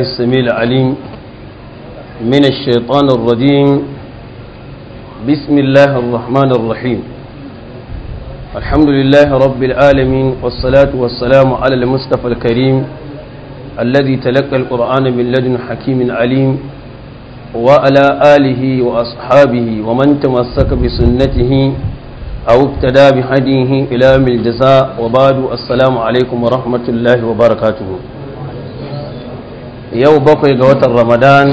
السميع العليم من الشيطان الرجيم بسم الله الرحمن الرحيم الحمد لله رب العالمين والصلاة والسلام على المصطفى الكريم الذي تلقى القرآن من لدن حكيم عليم وعلى آله وأصحابه ومن تمسك بسنته أو ابتدى بهديه إلى من الجزاء وبعد السلام عليكم ورحمة الله وبركاته yau bakwai ga watan ramadan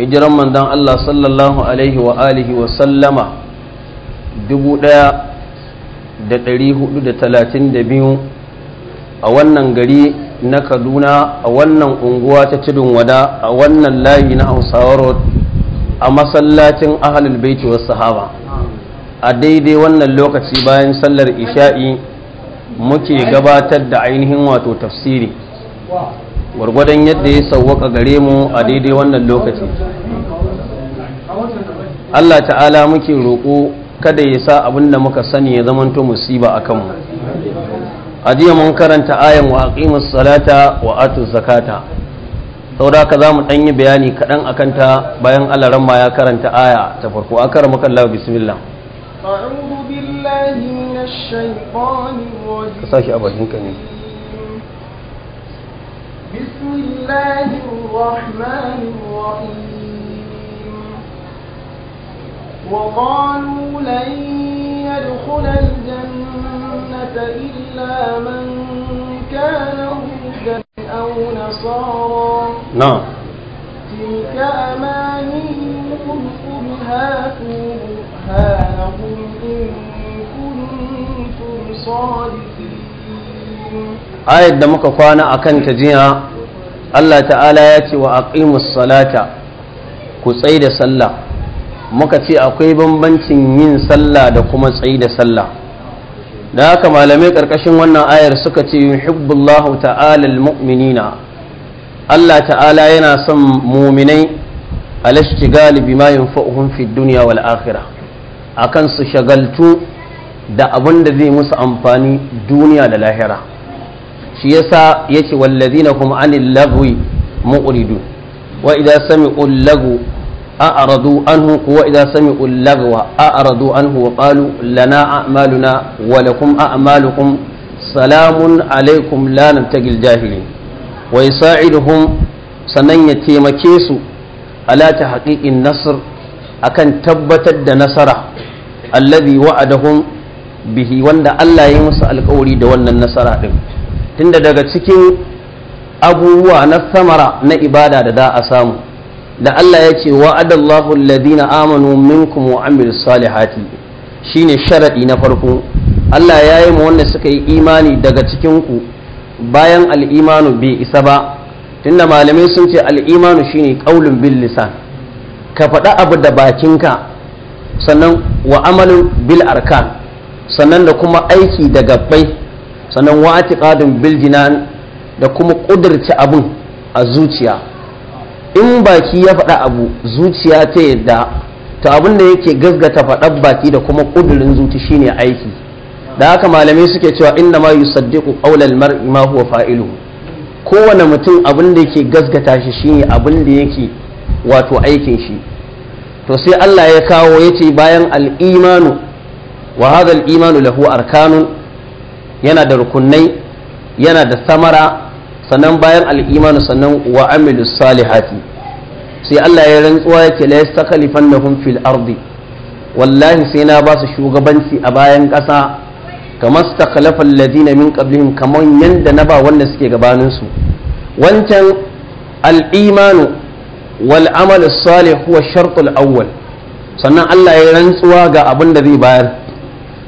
hijiran mandan Allah sallallahu alaihi wa alihi wa sallama dubu ɗaya da dari hudu da talatin da biyu a wannan gari na kaduna a wannan unguwa ta tudun wada a wannan layi na hausawa road a masallacin ahalul baiti wasu sahaba a daidai wannan lokaci bayan sallar isha'i muke gabatar da ainihin wato tafsiri gwargwadon yadda ya sauwaka gare mu a daidai wannan lokaci Allah ta'ala muke roƙo kada ya sa abin da muka sani ya zamanto musiba a kanmu a jiya mun karanta ayan wa aqimus salata wa atu zakata saboda haka zamu ɗan yi bayani kaɗan a kanta, bayan alaran ma ya karanta aya ta farko A Allah bismillah a'udhu billahi minash shaitanir rajim ka saki بسم الله الرحمن الرحيم وقالوا لن يدخل الجنة إلا من كان هودا أو نصارا نعم تلك أمانيهم قل هاتوا برهانهم إن كنتم صادقين ayat da muka kwana a kan ta jiya Allah ta'ala ya ce wa aqimus salata ku tsai da sallah muka ce akwai bambancin yin sallah da kuma tsai da sallah da haka malamai karkashin wannan ayar suka ce yuhibbullahu ta'ala almu'minina Allah ta'ala yana son muminai alashtigali bima yunfa'uhum fid dunya wal akhirah akan su shagaltu da abin da zai musu amfani duniya da lahira shi yasa yace wallazina hum anil lagwi mu'ridun wa idza sami'u lagu a'radu anhu wa idza sami'u lagwa a'radu anhu wa qalu lana a'maluna wa lakum a'malukum salamun alaikum la nabtagil jahilin wa yasa'iduhum sannan ya taimake su ala ta haqiqin nasr akan tabbatar da nasara allazi wa'adahum bihi wanda Allah ya musu alƙawari da wannan nasara din tunda daga cikin abubuwa na samara na ibada da za a samu da Allah ya ce wa'adallahu alladhina amanu minkum wa amilus salihati shine sharadi na farko Allah ya yi mu wanda suka yi imani daga cikin ku bayan al'imanu bai isa ba tunda malamai sun ce al'imanu shine qaulun bil lisan ka faɗa abu da bakinka sannan wa amalin bil arkan sannan da kuma aiki da gabbai sannan wa ƙadin bil da kuma ƙudurci abun a zuciya in baki ya faɗa abu zuciya ta yadda ta abin da yake gazgata faɗar baki da kuma ƙudurin zuci shi ne aiki da haka malamai suke cewa inna ma saddiku ƙaular mar'i ma huwa fa'ilu kowane mutum abin da yake gazgata shi ne abin da yake wato aikin shi to sai Allah ya kawo yace bayan al'imanu wa hadha lahu arkanun yana da rukunai yana da samara sannan bayan al'imanu sannan wa amilu salihati sai Allah ya rantsuwa yake la yastakhlifannahum fil ardi wallahi sai na ba su shugabanci a bayan kasa kamar stakhlafa alladhina min qablihim kamar yanda na ba wanda suke gabanin su wancan al'imanu wal amalu salih huwa shartul awwal sannan Allah ya rantsuwa ga abin da zai bayar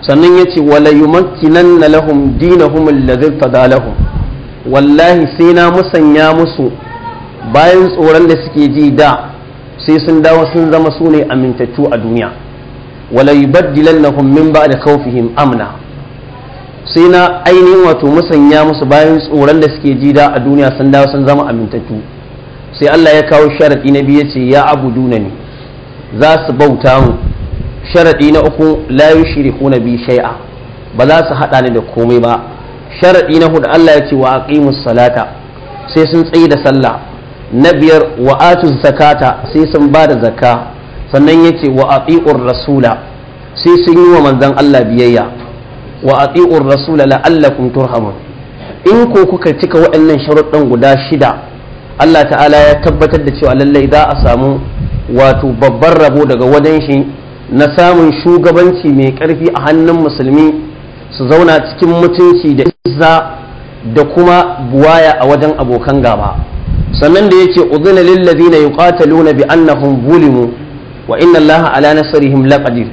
sannan ya ce wala makinan na lahum dinahum alladhi fada lahum wallahi sai na musanya musu bayan tsoron da suke ji da sai sun dawo sun zama su ne amintattu a duniya wala yubaddilannahum min ba da khawfihim amna sai na ainihin wato musanya musu bayan tsoron da suke ji da a duniya sun dawo sun zama amintattu sai Allah ya kawo sharaɗi na biyu ya ce ya abuduna ne za su bauta mu sharadi na uku la yushriku bi shay'a ba za su hada ni da komai ba sharadi na hudu Allah ya ce wa aqimus salata sai sun tsaye da sallah na biyar wa atuz zakata sai sun ba da zakka sannan ya ce wa ati'ur rasula sai sun yi wa manzon Allah biyayya wa ati'ur rasula la'allakum turhamun in ko kuka cika waɗannan sharuɗan guda shida Allah ta'ala ya tabbatar da cewa lallai za a samu wato babban rabo daga wajen shi na samun shugabanci mai ƙarfi a hannun musulmi su zauna cikin mutunci da izza da kuma buwaya a wajen abokan gaba sannan da yake uzina lillazina ladina yuqataluna bi annahum zulimu wa inna allaha ala nasrihim laqadir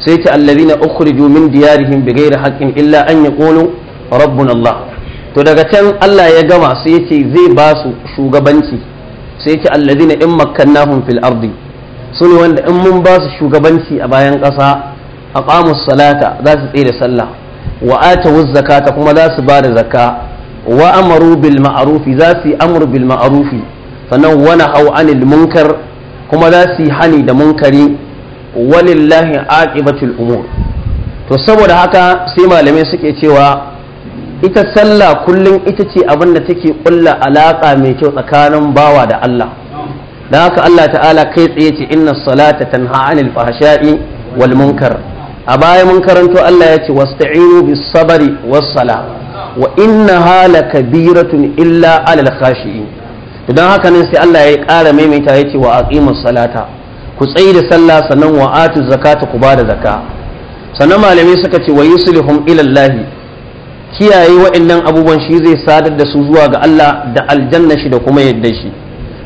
sai ta alladina ukhriju min diyarihim bighairi haqqin illa an yaqulu rabbuna allah to daga can Allah ya gama sai yace zai ba su shugabanci sai yace alladina in makkannahum fil ardi su wanda in mun ba su shugabanci a bayan ƙasa a salata za su tsere da sallah wa atawuz zakata kuma za su ba da zakka wa amaru bil ma'arufi za su yi amru bil ma'arufi sannan wa nahaw anil munkar kuma za su yi hani da munkari walillahi aqibatul umur to saboda haka sai malamai suke cewa ita sallah kullum ita ce abin da take kulla alaƙa mai kyau tsakanin bawa da Allah da haka Allah ta'ala kai tsaye ce inna salata tanha anil fahsha'i wal munkar a baya mun karanto Allah ya ce wasta'inu bis sabri was sala wa hala kabiratun illa alal khashi'in to dan haka ne sai Allah ya kara maimaita ya ce wa aqimus salata ku tsayi da sallah sannan wa atu zakata ku ba da zakka sannan malamai suka ce wa yuslihum ila Allah kiyaye waɗannan abubuwan shi zai sadar da su zuwa ga Allah da aljanna shi da kuma yadda shi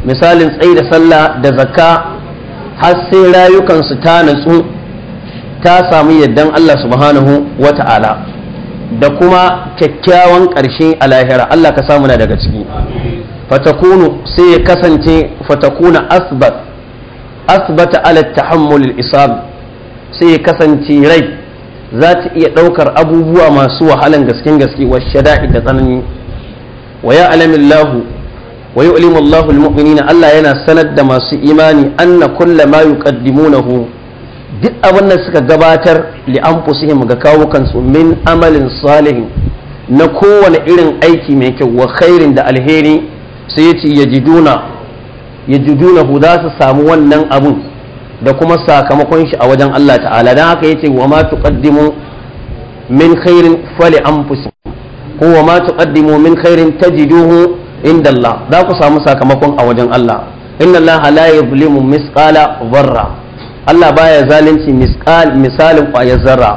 misalin tsayi da sallah da zakka har sai rayukansu ta natsu ta samu yaddan Allah subhanahu wa ta'ala da kuma kyakkyawan ƙarshe a lahira Allah ka samu na daga ciki fatakunu sai ya kasance fatakuna asbat asbata ala tahammul isab sai ya kasance rai za ta iya ɗaukar abubuwa masu wahalan gaske gaske wa shada'i da tsanani wa ya alamillahu wa yu'limu Allahu al muminina Allah yana sanar da masu imani anna kullu ma yuqaddimunahu duk abin da suka gabatar li anfusihim ga kawo kansu min amalin salihin na kowane irin aiki mai kyau wa khairin da alheri sai yace yajiduna yajidunahu za su samu wannan abun da kuma sakamakon shi a wajen Allah ta'ala dan haka yace wa ma tuqaddimu min khairin fali anfusikum ko wa ma tuqaddimu min khairin tajiduhu inda Allah za ku samu sakamakon a wajen Allah inna Allah la yuzlimu misqala dharra Allah baya zalunci misqal misalin ƙwayar zarra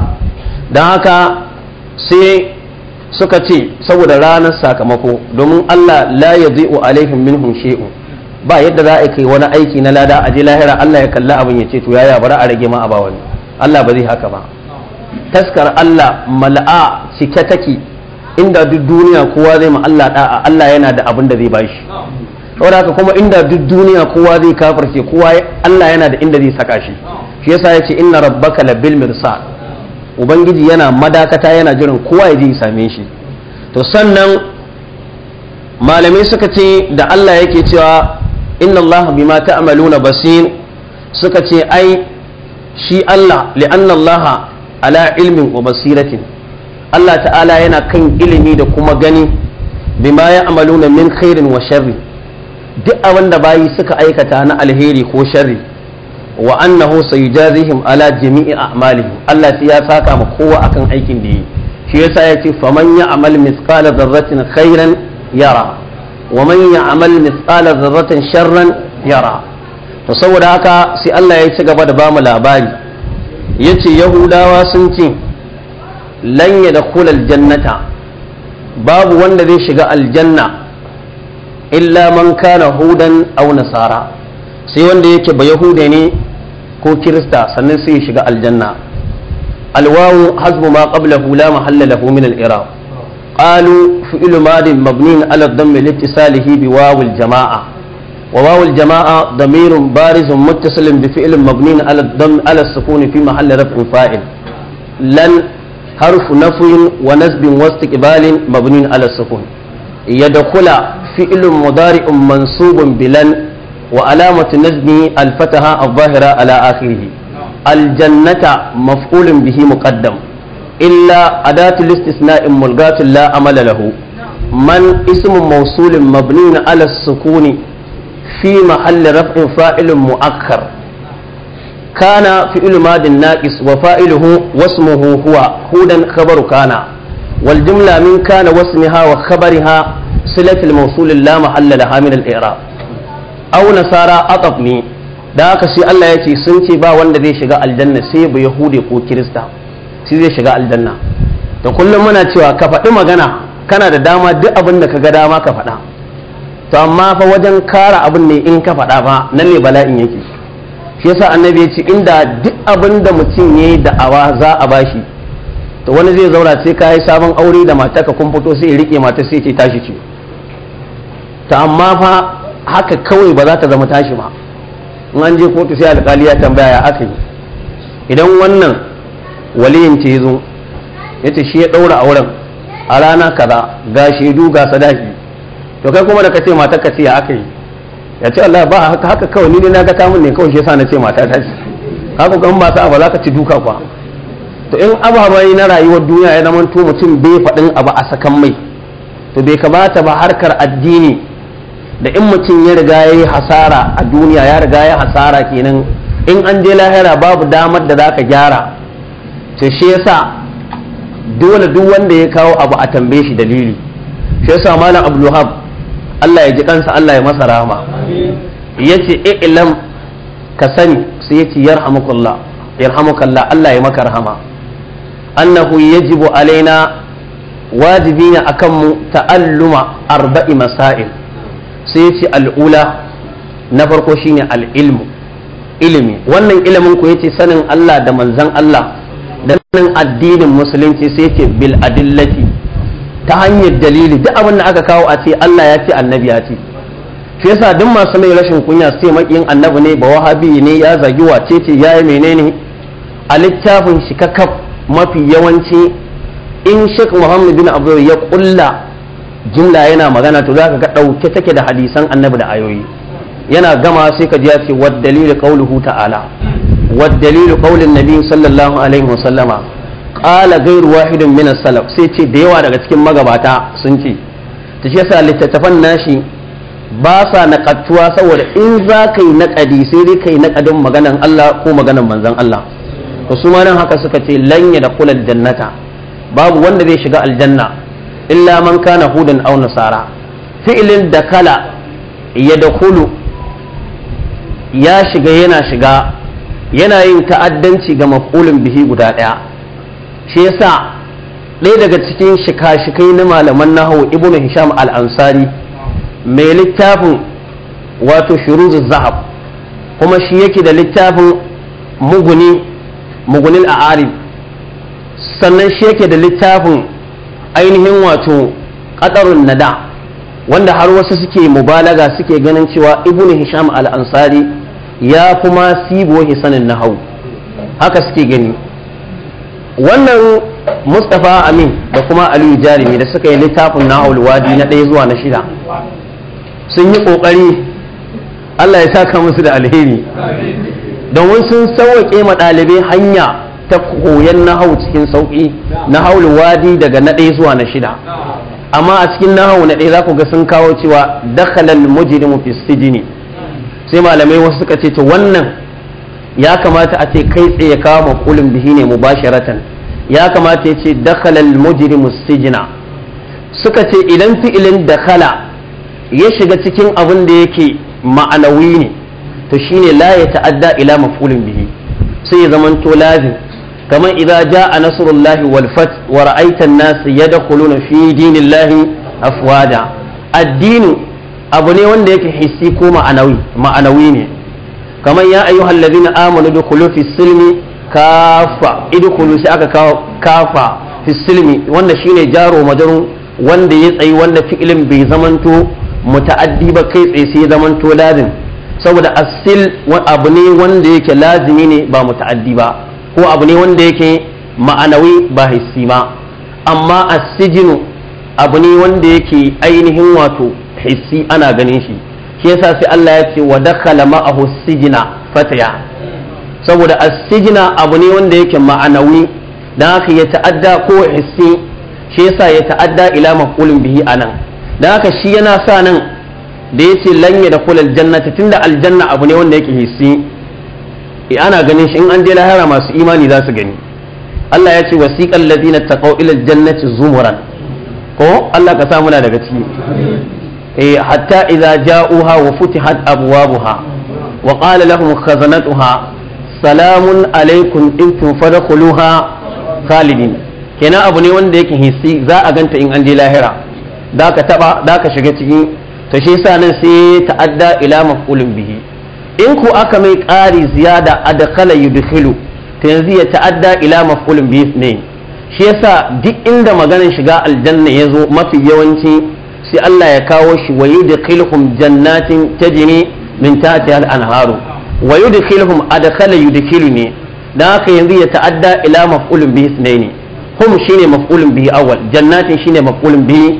dan haka sai suka ce saboda ranar sakamako domin Allah la yadhi'u alaihim minhum shay'un ba yadda za a kai wani aiki na lada a je lahira Allah ya kalla abin ya ce to yaya bari a rage ma a ba wani Allah ba zai haka ba taskar Allah mala'a cike take inda duk duniya kowa zai ma Allah da'a Allah yana da abin da zai bashi saboda haka kuma inda duk duniya kowa zai kafirce kowa Allah yana da inda zai saka shi shi yasa yace inna rabbaka labil mirsa ubangiji yana madakata yana jiran kowa ya je ya same shi to sannan malamai suka ce da Allah yake cewa inna Allah bima ta'maluna basir suka ce ai shi Allah li'anna Allah ala ilmin wa basiratin Allah ta'ala yana kan ilimi da kuma gani bima ya amaluna min khairin wa sharri duk abin da bayi suka aikata na alheri ko sharri wa annahu sayujazihim ala jami'i a'malihim Allah sai ya saka ma kowa akan aikin da yi shi yasa ya ce faman ya misqala dharratin khairan yara wa man ya misqala dharratin sharran yara to saboda haka sai Allah ya ci gaba da bamu labari yace yahudawa sun ce lan ya da aljannata babu wanda zai shiga aljanna illa man kana hudan au nasara sai wanda yake ba yahude ne ko kirista sannan sai ya shiga aljanna alwawu hasbu ma qabla hu la mahalla lahu min al-iraq qalu fi'l madi mabni ala dhamm al bi wawu al-jamaa wa wawu al-jamaa damirun barizun muttasilun bi fi'l mabni ala dhamm ala sukuni fi mahalli raf'u fa'il lan حرف نفي ونسب واستقبال مبني على السكون يدخل فعل مضارع منصوب بلن وعلامة نسبه الفتحة الظاهرة على آخره الجنة مفعول به مقدم إلا أداة الاستثناء ملغاة لا أمل له من اسم موصول مبني على السكون في محل رفع فاعل مؤخر kana fi'il madin naƙis wa fa'ilu wasmuhu huwa hudan kabaru kana wal jumla kana wasmiha wa khabariha silatul mawsul la mahalla laha min al i'rab aw nasara ataf ne da haka sai Allah ya ce sun ce ba wanda zai shiga aljanna sai ba hude ko kirista shi zai shiga aljanna to kullum muna cewa ka faɗi magana kana da dama duk abin da ka ga dama ka faɗa to amma fa wajen kara abin ne in ka faɗa fa nan ne bala'in yake shi yasa annabi ya ce inda duk abin da mutum ya yi da'awa za a bashi to wani zai zaura sai ka yi sabon aure da mata ka kun fito sai rike mata sai ce tashi ce ta amma fa haka kawai ba za ta zama tashi ba in an je kotu sai alƙali ya tambaya ya aka yi idan wannan waliyin ce ya zo ya ce shi ya ɗaura auren a rana kaza ga shaidu ga sadaki to kai kuma da ka ce matar ka ce ya aka yi ya ce Allah ba haka haka kawai ni ne na ga mun ne kawai shi yasa na ce mata ta ce haka kan sa ba za ka ci duka kwa to in abu ababai na rayuwar duniya ya zama to mutum bai faɗin abu a sakan mai to bai kamata ba harkar addini da in mutum ya riga ya hasara a duniya ya riga ya hasara kenan in an je lahira babu damar da za ka gyara to shi yasa dole duk wanda ya kawo abu a tambaye shi dalili shi yasa malam abdulhab Allah ya ji kansa Allah ya masa rahama yace i'lam ka sani sai yace yarhamukallah yarhamukallah Allah ya maka rahama annahu yajibu alaina wajibina akan mu ta'alluma arba'i masail sai yace al'ula na farko shine al'ilmu ilimi wannan ilimin ku yace sanin Allah da manzon Allah da sanin addinin musulunci sai ce bil adillati ta hanyar dalili duk abin da aka kawo a ce Allah ya ce annabi ya ce shi yasa duk masu mai rashin kunya sai makin annabi ne ba wahabi ne ya zagi wace ce ya yi menene a littafin shi kakaf mafi yawanci in Sheikh Muhammad bin Abdul ya kulla jimla yana magana to zaka ga dauke take da hadisan annabi da ayoyi yana gama sai ka ji ya ce wad dalil ta'ala wad dalil qawlin nabi sallallahu alaihi wasallama qala ghayru wahidin min salaf sai ce da yawa daga cikin magabata sun ce ta shi yasa littattafan nashi ba sa naqatuwa saboda in za ka yi naƙadi sai dai ka yi maganan Allah ko maganan manzon Allah to su ma nan haka suka ce lanya da kula jannata babu wanda zai shiga aljanna illa man kana hudan aw nasara fi'lin dakala kala ya da kulu ya shiga yana shiga yana yin ta'addanci ga maf'ulin bihi guda ɗaya shi yasa ɗaya daga cikin shika-shikai na malaman nahawu ibn hisham al-ansari mai littafin wato shiruzu zahab kuma shi yake da littafin muguni mugunin a'arib sannan shi yake da littafin ainihin wato ƙadarun nada wanda har wasu suke mubalaga suke ganin cewa ibn hisham al-ansari ya kuma sibo hisanin nahawu haka suke gani wannan mustapha amin da kuma aliyu jarumi da suka yi littafin na wadi na ɗaya zuwa na shida sun yi ƙoƙari allah ya saka musu da alheri domin sun sauwaƙe ma ɗalibai hanya ta koyon hau cikin sauƙi na nahau wadi daga na ɗaya zuwa na shida amma a cikin na nahau na ɗaya za ku ga sun kawo cewa dakalan mujrimu fi sijini sai malamai wasu suka ce to wannan ya kamata a ce kai tsaye kawo makulin bihi ne mu ya kamata ya ce dakhala al-mujrimu sijna suka ce idan fi'ilin dakhala ya shiga cikin abin da yake ma'anawi ne to shine la ya ta'adda ila maf'ulin bihi sai ya zaman to lazim kamar idza jaa nasrullahi wal fath wa ra'aita an-nas yadkhuluna fi dinillahi afwada addini abu ne wanda yake hissi ko ma'anawi ma'anawi ne kamar ya ayyuhal ladina amanu da fi silmi kafa sai aka kafa fi silmi wanda shine jaro majarun wanda ya tsayi wanda fi'ilin bai zamanto muta'addi ba kai tsaye sai zamanto lazim saboda asil abu ne wanda yake lazimi ne ba muta'addi ba ko abu ne wanda yake ma'anawi ba hissi ba amma asijinu abu ne wanda yake ainihin wato hissi ana ganin shi shi yasa sai Allah ya ce wa dakhala ma'ahu sijina fataya saboda as-sijina abu ne wanda yake ma'anawi dan haka ya ta'adda ko hissi shi yasa ya ta'adda ila maf'ulin bihi anan dan haka shi yana sa nan da yace lan ya dakhul al-jannata tunda aljanna abu ne wanda yake hissi e, ana ganin shi in an je lahira masu imani za su gani Allah ya ce wasiqal ladina taqaw ila al-jannati zumuran ko Allah ka sa muna daga ciki حتى إذا جاءوها وفتحت أبوابها وقال لهم خزنتها سلام عليكم إنتم فدخلوها خالدين كنا أبو نيوان ديك هيسي ذا أغنت إن عندي لاهرة ذاك تبع ذاك شغتي تشيسا نسي تأدى إلى مفعول به إن كو أكمي قاري زيادة أدخل يدخلو تنزي تأدى إلى مفعول به اثنين shi yasa duk inda maganin shiga aljanna ya zo mafi yawanci sai Allah ya kawo shi wa yudkhilhum jannatin jini min ta al-anharu wa yudkhilhum da yudkhilu ne don haka yanzu ya ta'adda ila maf'ulun bihi ithnaini hum shine maf'ulun bihi awal jannatin shine maf'ulun bihi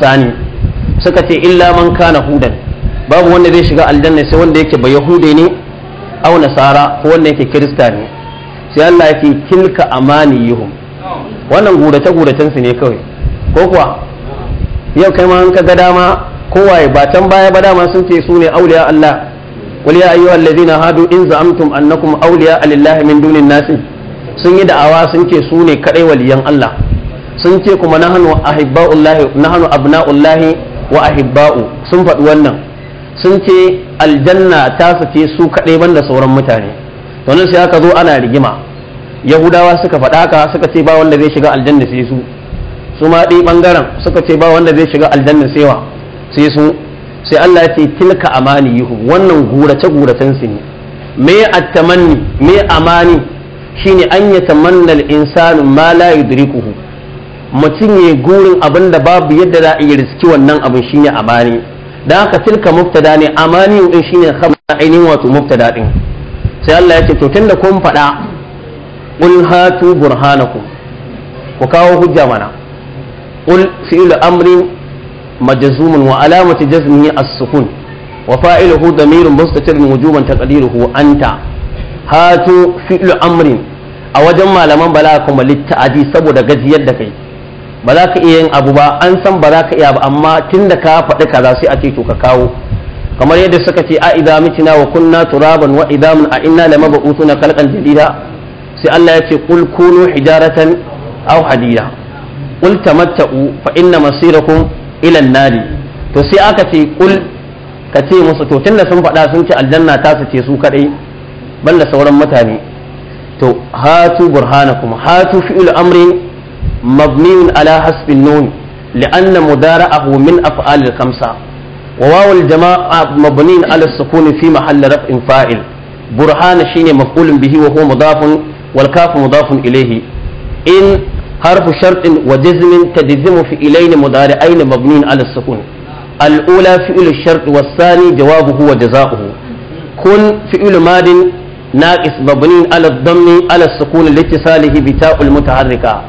sani suka ce illa man kana hudan babu wanda zai shiga aljanna sai wanda yake ba yahude ne aw nasara ko wanda yake kirista ne sai Allah ya yake tilka amaniyuhum wannan gudace guracen su ne kawai ko kuwa yau kai ma an ka ga dama kowaye ba can baya ba dama sun ce su ne auliya Allah qul ya ayyuha allazina hadu in za'amtum annakum awliya lillahi min dunin nasi sun yi da'awa sun ce su ne kadai waliyan Allah sun ce kuma nahnu ahibba'ullahi nahnu abna'ullahi wa ahibba'u sun faɗi wannan sun ce aljanna ta fice su kadai banda sauran mutane to nan sai aka zo ana rigima yahudawa suka faɗa haka suka ce ba wanda zai shiga aljanna sai su su ma ɗaya ɓangaren suka ce ba wanda zai shiga aljanna sewa sai su sai Allah ya ce tilka amani yuhu wannan gurace guracen su ne me attamanni me amani shine an ya tamanna al-insanu ma la yudrikuhu mutum ya gurin abin da babu yadda za a yi riski wannan abin shine amani dan haka tilka mubtada ne amani din shine A ainihin wato mubtada din sai Allah ya ce to tunda kun faɗa qul hatu burhanakum ku kawo hujja mana قل فعل أمر مجزوم وعلامة جزمه السكون وفاعله ضمير مستتر وجوبا تقديره أنت هاتوا فعل أمر a wajen malaman ba za ka kuma litta'adi saboda gajiyar da kai ba za ka iya yin abu ba an san ba za ka iya ba amma tun da ka faɗi kaza sai a ce to ka kawo kamar yadda suka ce a idza mitina wa kunna turaban wa idza a inna lama na khalqan jadida sai Allah ya ce kul kunu hijaratan aw hadida قل تمتعوا فإن مصيركم إلى النار to sai aka ce kul ka ce musu to tunda sun faɗa sun ci aljanna ta su ce su kadai banda sauran mutane to hatu burhana kuma hatu fi'il amri mabniun ala hasbin nun li'anna mudara'ahu min af'al al-khamsa wa waw al-jama'a mabniun ala sukun fi mahall raf'in fa'il burhana shine maf'ulun bihi wa huwa mudafun wal kaf mudafun in harfu sharɗin wa jazmin tajzimu fi ilaini mudari'aini mabnin ala sukun al'ula fi'lu shart wa sani jawabuhu wa jazaohu kun fi'lu madin ناقص مبني على الضم على السكون لاتصاله بتاء المتحركة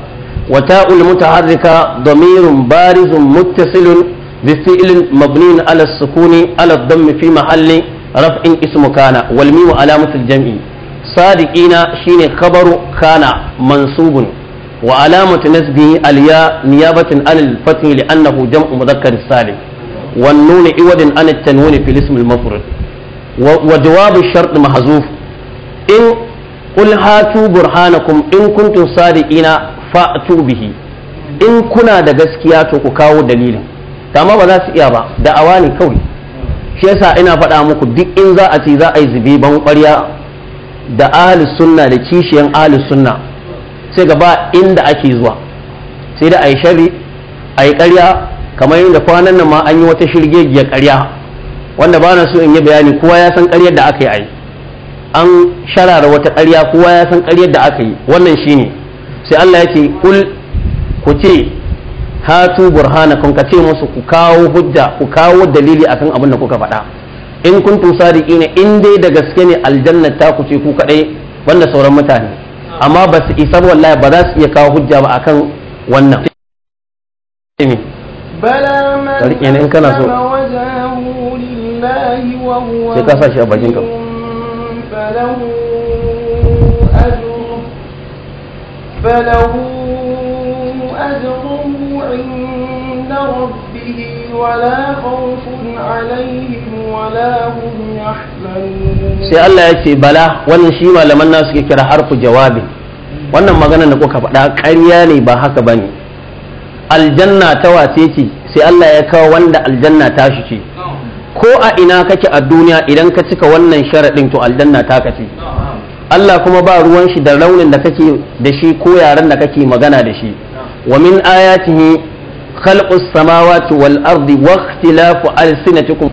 وتاء المتحركة ضمير بارز متصل بفعل مبني على السكون على الضم في محل رفع اسم كان والميم علامة الجمع صادقين شين خبر كان منصوب wa alamatu nasbi alya niyabatan anil fatih li annahu jam'u mudhakkar salim wa nunu iwadin anat tanwini fil ism wa jawab al shart mahzuf in qul hatu burhanakum in kuntum sadiqina fa'tu bihi in kuna da gaskiya to ku kawo dalilin kama ba za su iya ba da awani kawai shi ina faɗa muku duk in za a ce za a yi zube ban ƙarya da ahlus sunna da kishiyan ahlus sai ga ba inda ake zuwa sai da a yi shari a yi karya kamar yadda kwanan nan ma an yi wata shirgegiyar karya wanda ba na so in yi bayani kowa ya san karyar da aka yi yi an sharara wata karya kowa ya san karyar da aka yi wannan shi ne sai Allah ya ce kul ku ce hatu kun ka ce musu ku kawo hujja ku kawo dalili akan abin da kuka faɗa in kuntum sadiqina in dai da gaske ne aljanna ta ku ce ku kaɗai banda sauran mutane amma ba su isa wallahi ba za su iya kawo hujja ba akan wannan bala man in kana so sai ka sa shi a bakin ka فله أجره عند ربه Sai Allah عليهم ولا هم يحزنون wannan shi malaman nasu suke kira harfu jawabi wannan magana da kuka faɗa ƙarya ne ba haka ba ne. aljanna ta wace ce sai Allah ya kawo wanda aljanna ta shi ce ko a ina kake a duniya idan ka cika wannan sharaɗin to aljanna ta kace Allah kuma ba ruwan shi da raunin da kake da shi ko yaren da kake magana da shi wa min ayatihi خلق السماوات والأرض واختلاف ألسنتكم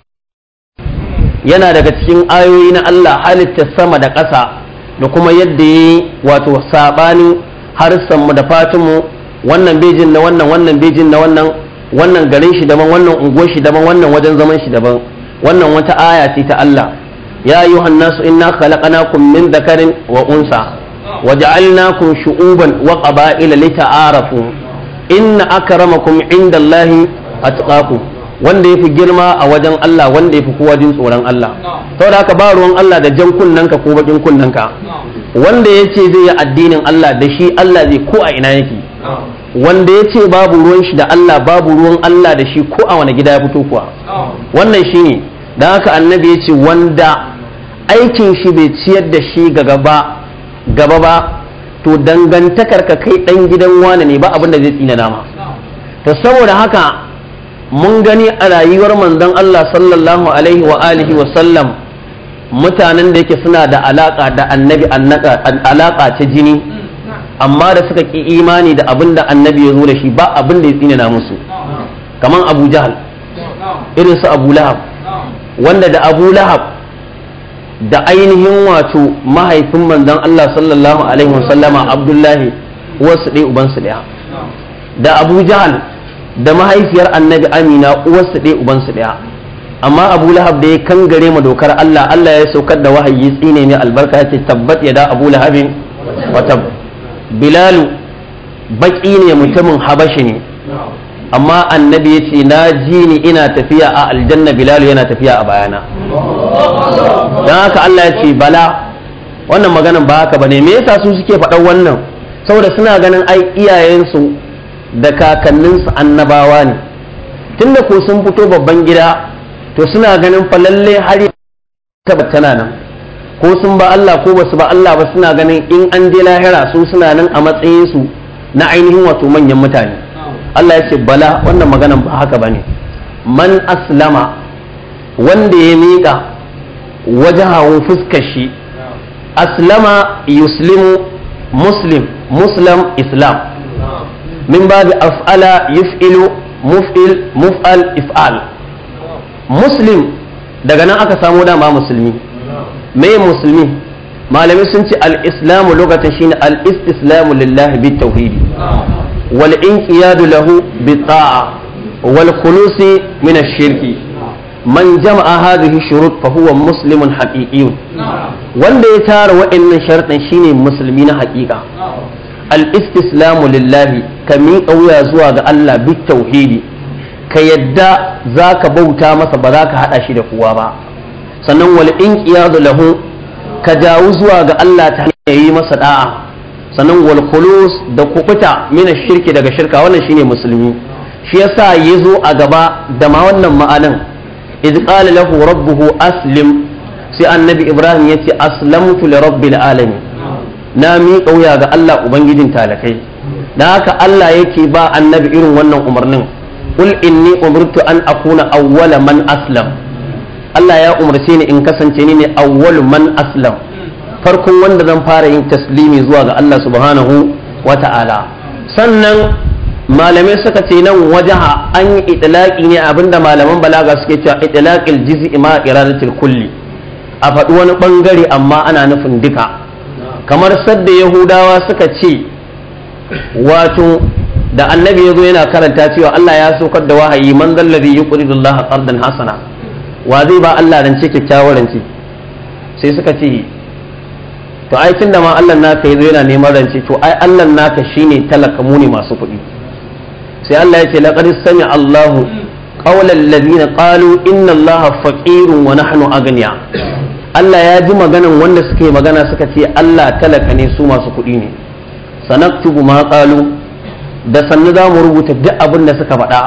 yana daga cikin ayoyi na Allah halitta sama da ƙasa da kuma yadda yi wato saɓanin harsanmu da fatinmu wannan bejin na wannan wannan bejin na wannan wannan garin shi daban wannan unguwar shi daban wannan wajen zaman shi daban wannan wata aya ce ta Allah ya yi nasu inna khalaqnakum min dhakarin wa unsa wa shu'uban wa qaba'ila lita'arafu inna akramakum indallahi atqakum wanda yafi girma a wajen Allah wanda yafi kowa jin tsoron Allah saboda haka ba ruwan Allah da jan ka ko bakin ka. wanda yace zai yi addinin Allah da shi Allah zai ko a ina yake wanda yace babu ruwan shi da Allah babu ruwan Allah da shi ko a wani gida ya fito kuwa wannan shine dan haka annabi ya ce wanda aikin shi bai ciyar da shi ga gaba gaba ba to dangantakar ka kai dan gidan wane ne ba abin da zai tsina nama to saboda haka mun gani a rayuwar manzon Allah sallallahu alaihi wa alihi wa sallam mutanen da yake suna da alaka da annabi alaka ta jini amma da suka ki imani da abin da annabi ya zo da shi ba abin da ya tsinana musu Kamar abu jahal irin su abu lahab wanda da abu lahab da ainihin wato mahaifin manzon Allah sallallahu alaihi wasallama Abdullahi wasu ɗaya ubansu ɗaya da Abu Jahal da mahaifiyar Annabi Amina wasu ɗaya ubansu ɗaya amma Abu Lahab da ya kangare ma dokar Allah Allah ya saukar da wahayi tsine mai albarka yace tabbat ya da Abu Lahabin wa tab Bilalu baki ne mutumin Habashi ne amma annabi ya ce na ji ni ina tafiya a aljanna bilal yana tafiya a bayana don haka Allah ya ce bala wannan maganan ba haka bane me yasa su suke faɗan wannan saboda suna ganin ai iyayensu da kakanninsu annabawa ne tunda ko sun fito babban gida to suna ganin fa lalle har tana nan ko sun ba Allah ko basu ba Allah ba suna ganin in an je lahira su suna nan a matsayinsu na ainihin wato manyan mutane Allah ya ce bala wannan maganan ba haka bane man aslama wanda ya miƙa wajahahu fuskar shi aslama yuslimu muslim muslim islam min babu af'ala yuf'ilu muf'il muf'al if'al muslim daga nan aka samo dama musulmi me musulmi malamai sun ce al-islamu lokacin shine al-istislamu lillahi bit tauhidi wal inqiyadu lahu bi ta'a wal khulusi min ash-shirki man jama'a hadhihi fa huwa wanda ya tara wa'annan sharɗin shine musulmi na haƙiƙa al-istislamu lillahi ka miƙa wuya zuwa ga Allah bi tauhidi ka yadda zaka bauta masa ba za ka haɗa shi da kowa ba sannan wal inqiyadu lahu ka dawo zuwa ga Allah ta yi masa da'a sannan wal da kukuta mina shirki daga shirka wannan shine musulmi shi yasa yazo a gaba da ma wannan ma'anan idh qala lahu rabbuhu aslim sai annabi ibrahim yace aslamtu li rabbil alamin na miƙa wuya ga Allah ubangijin talakai da haka Allah yake ba annabi irin wannan umarnin qul inni umirtu an akuna awwala man aslam Allah ya umarce ni in kasance ni ne awwalu man aslam farkon wanda zan fara yin taslimi zuwa ga Allah subhanahu wa ta'ala sannan malamai suka ce nan wajaha an yi itilaki ne abinda malaman balaga suke cewa itilakil jiz'i ma iradatil kulli a faɗi wani bangare amma ana nufin duka kamar sadda yahudawa suka ce wato da annabi ya zo yana karanta cewa Allah ya saukar da wahayi man zallazi yuqridullaha qardan hasana wa zai ba Allah rance kyakkyawar rance sai suka ce to ai tunda ma Allah naka yazo yana neman rance to ai Allah naka shine talaka mu masu kuɗi sai Allah ya ce laqad sami Allahu qawlan ladina qalu inna Allaha faqirun wa nahnu aghniya Allah ya ji maganan wanda suke magana suka ce Allah talaka ne su masu kuɗi ne sanaktubu ma qalu da sannu za mu rubuta duk abin da suka faɗa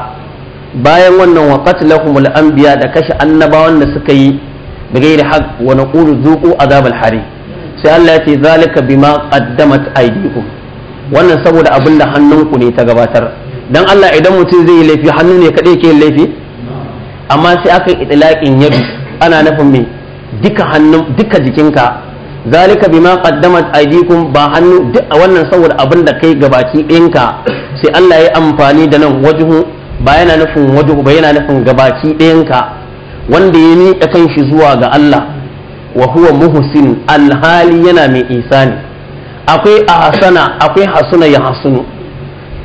bayan wannan wa qatlahumul anbiya da kashe annabawan da suka yi da gairi haq wa naqulu dhuqu azabal hari sai Allah ya ce zalika bima qaddamat aydikum wannan saboda abin da hannunku ne ta gabatar dan Allah idan mutum zai yi laifi hannu ne kadai yin laifi amma sai aka yi itlaqin yadu ana nufin me duka hannu duka jikinka zalika bima qaddamat aydikum ba hannu duk wannan saboda abin da kai gabaki ɗinka sai Allah ya amfani da nan wajhu ba yana nufin wajhu ba yana nufin gabaki ɗinka wanda ya ni kan shi zuwa ga Allah wa huwa muhsin alhali yana mai isani akwai ahsana akwai hasuna ya hasunu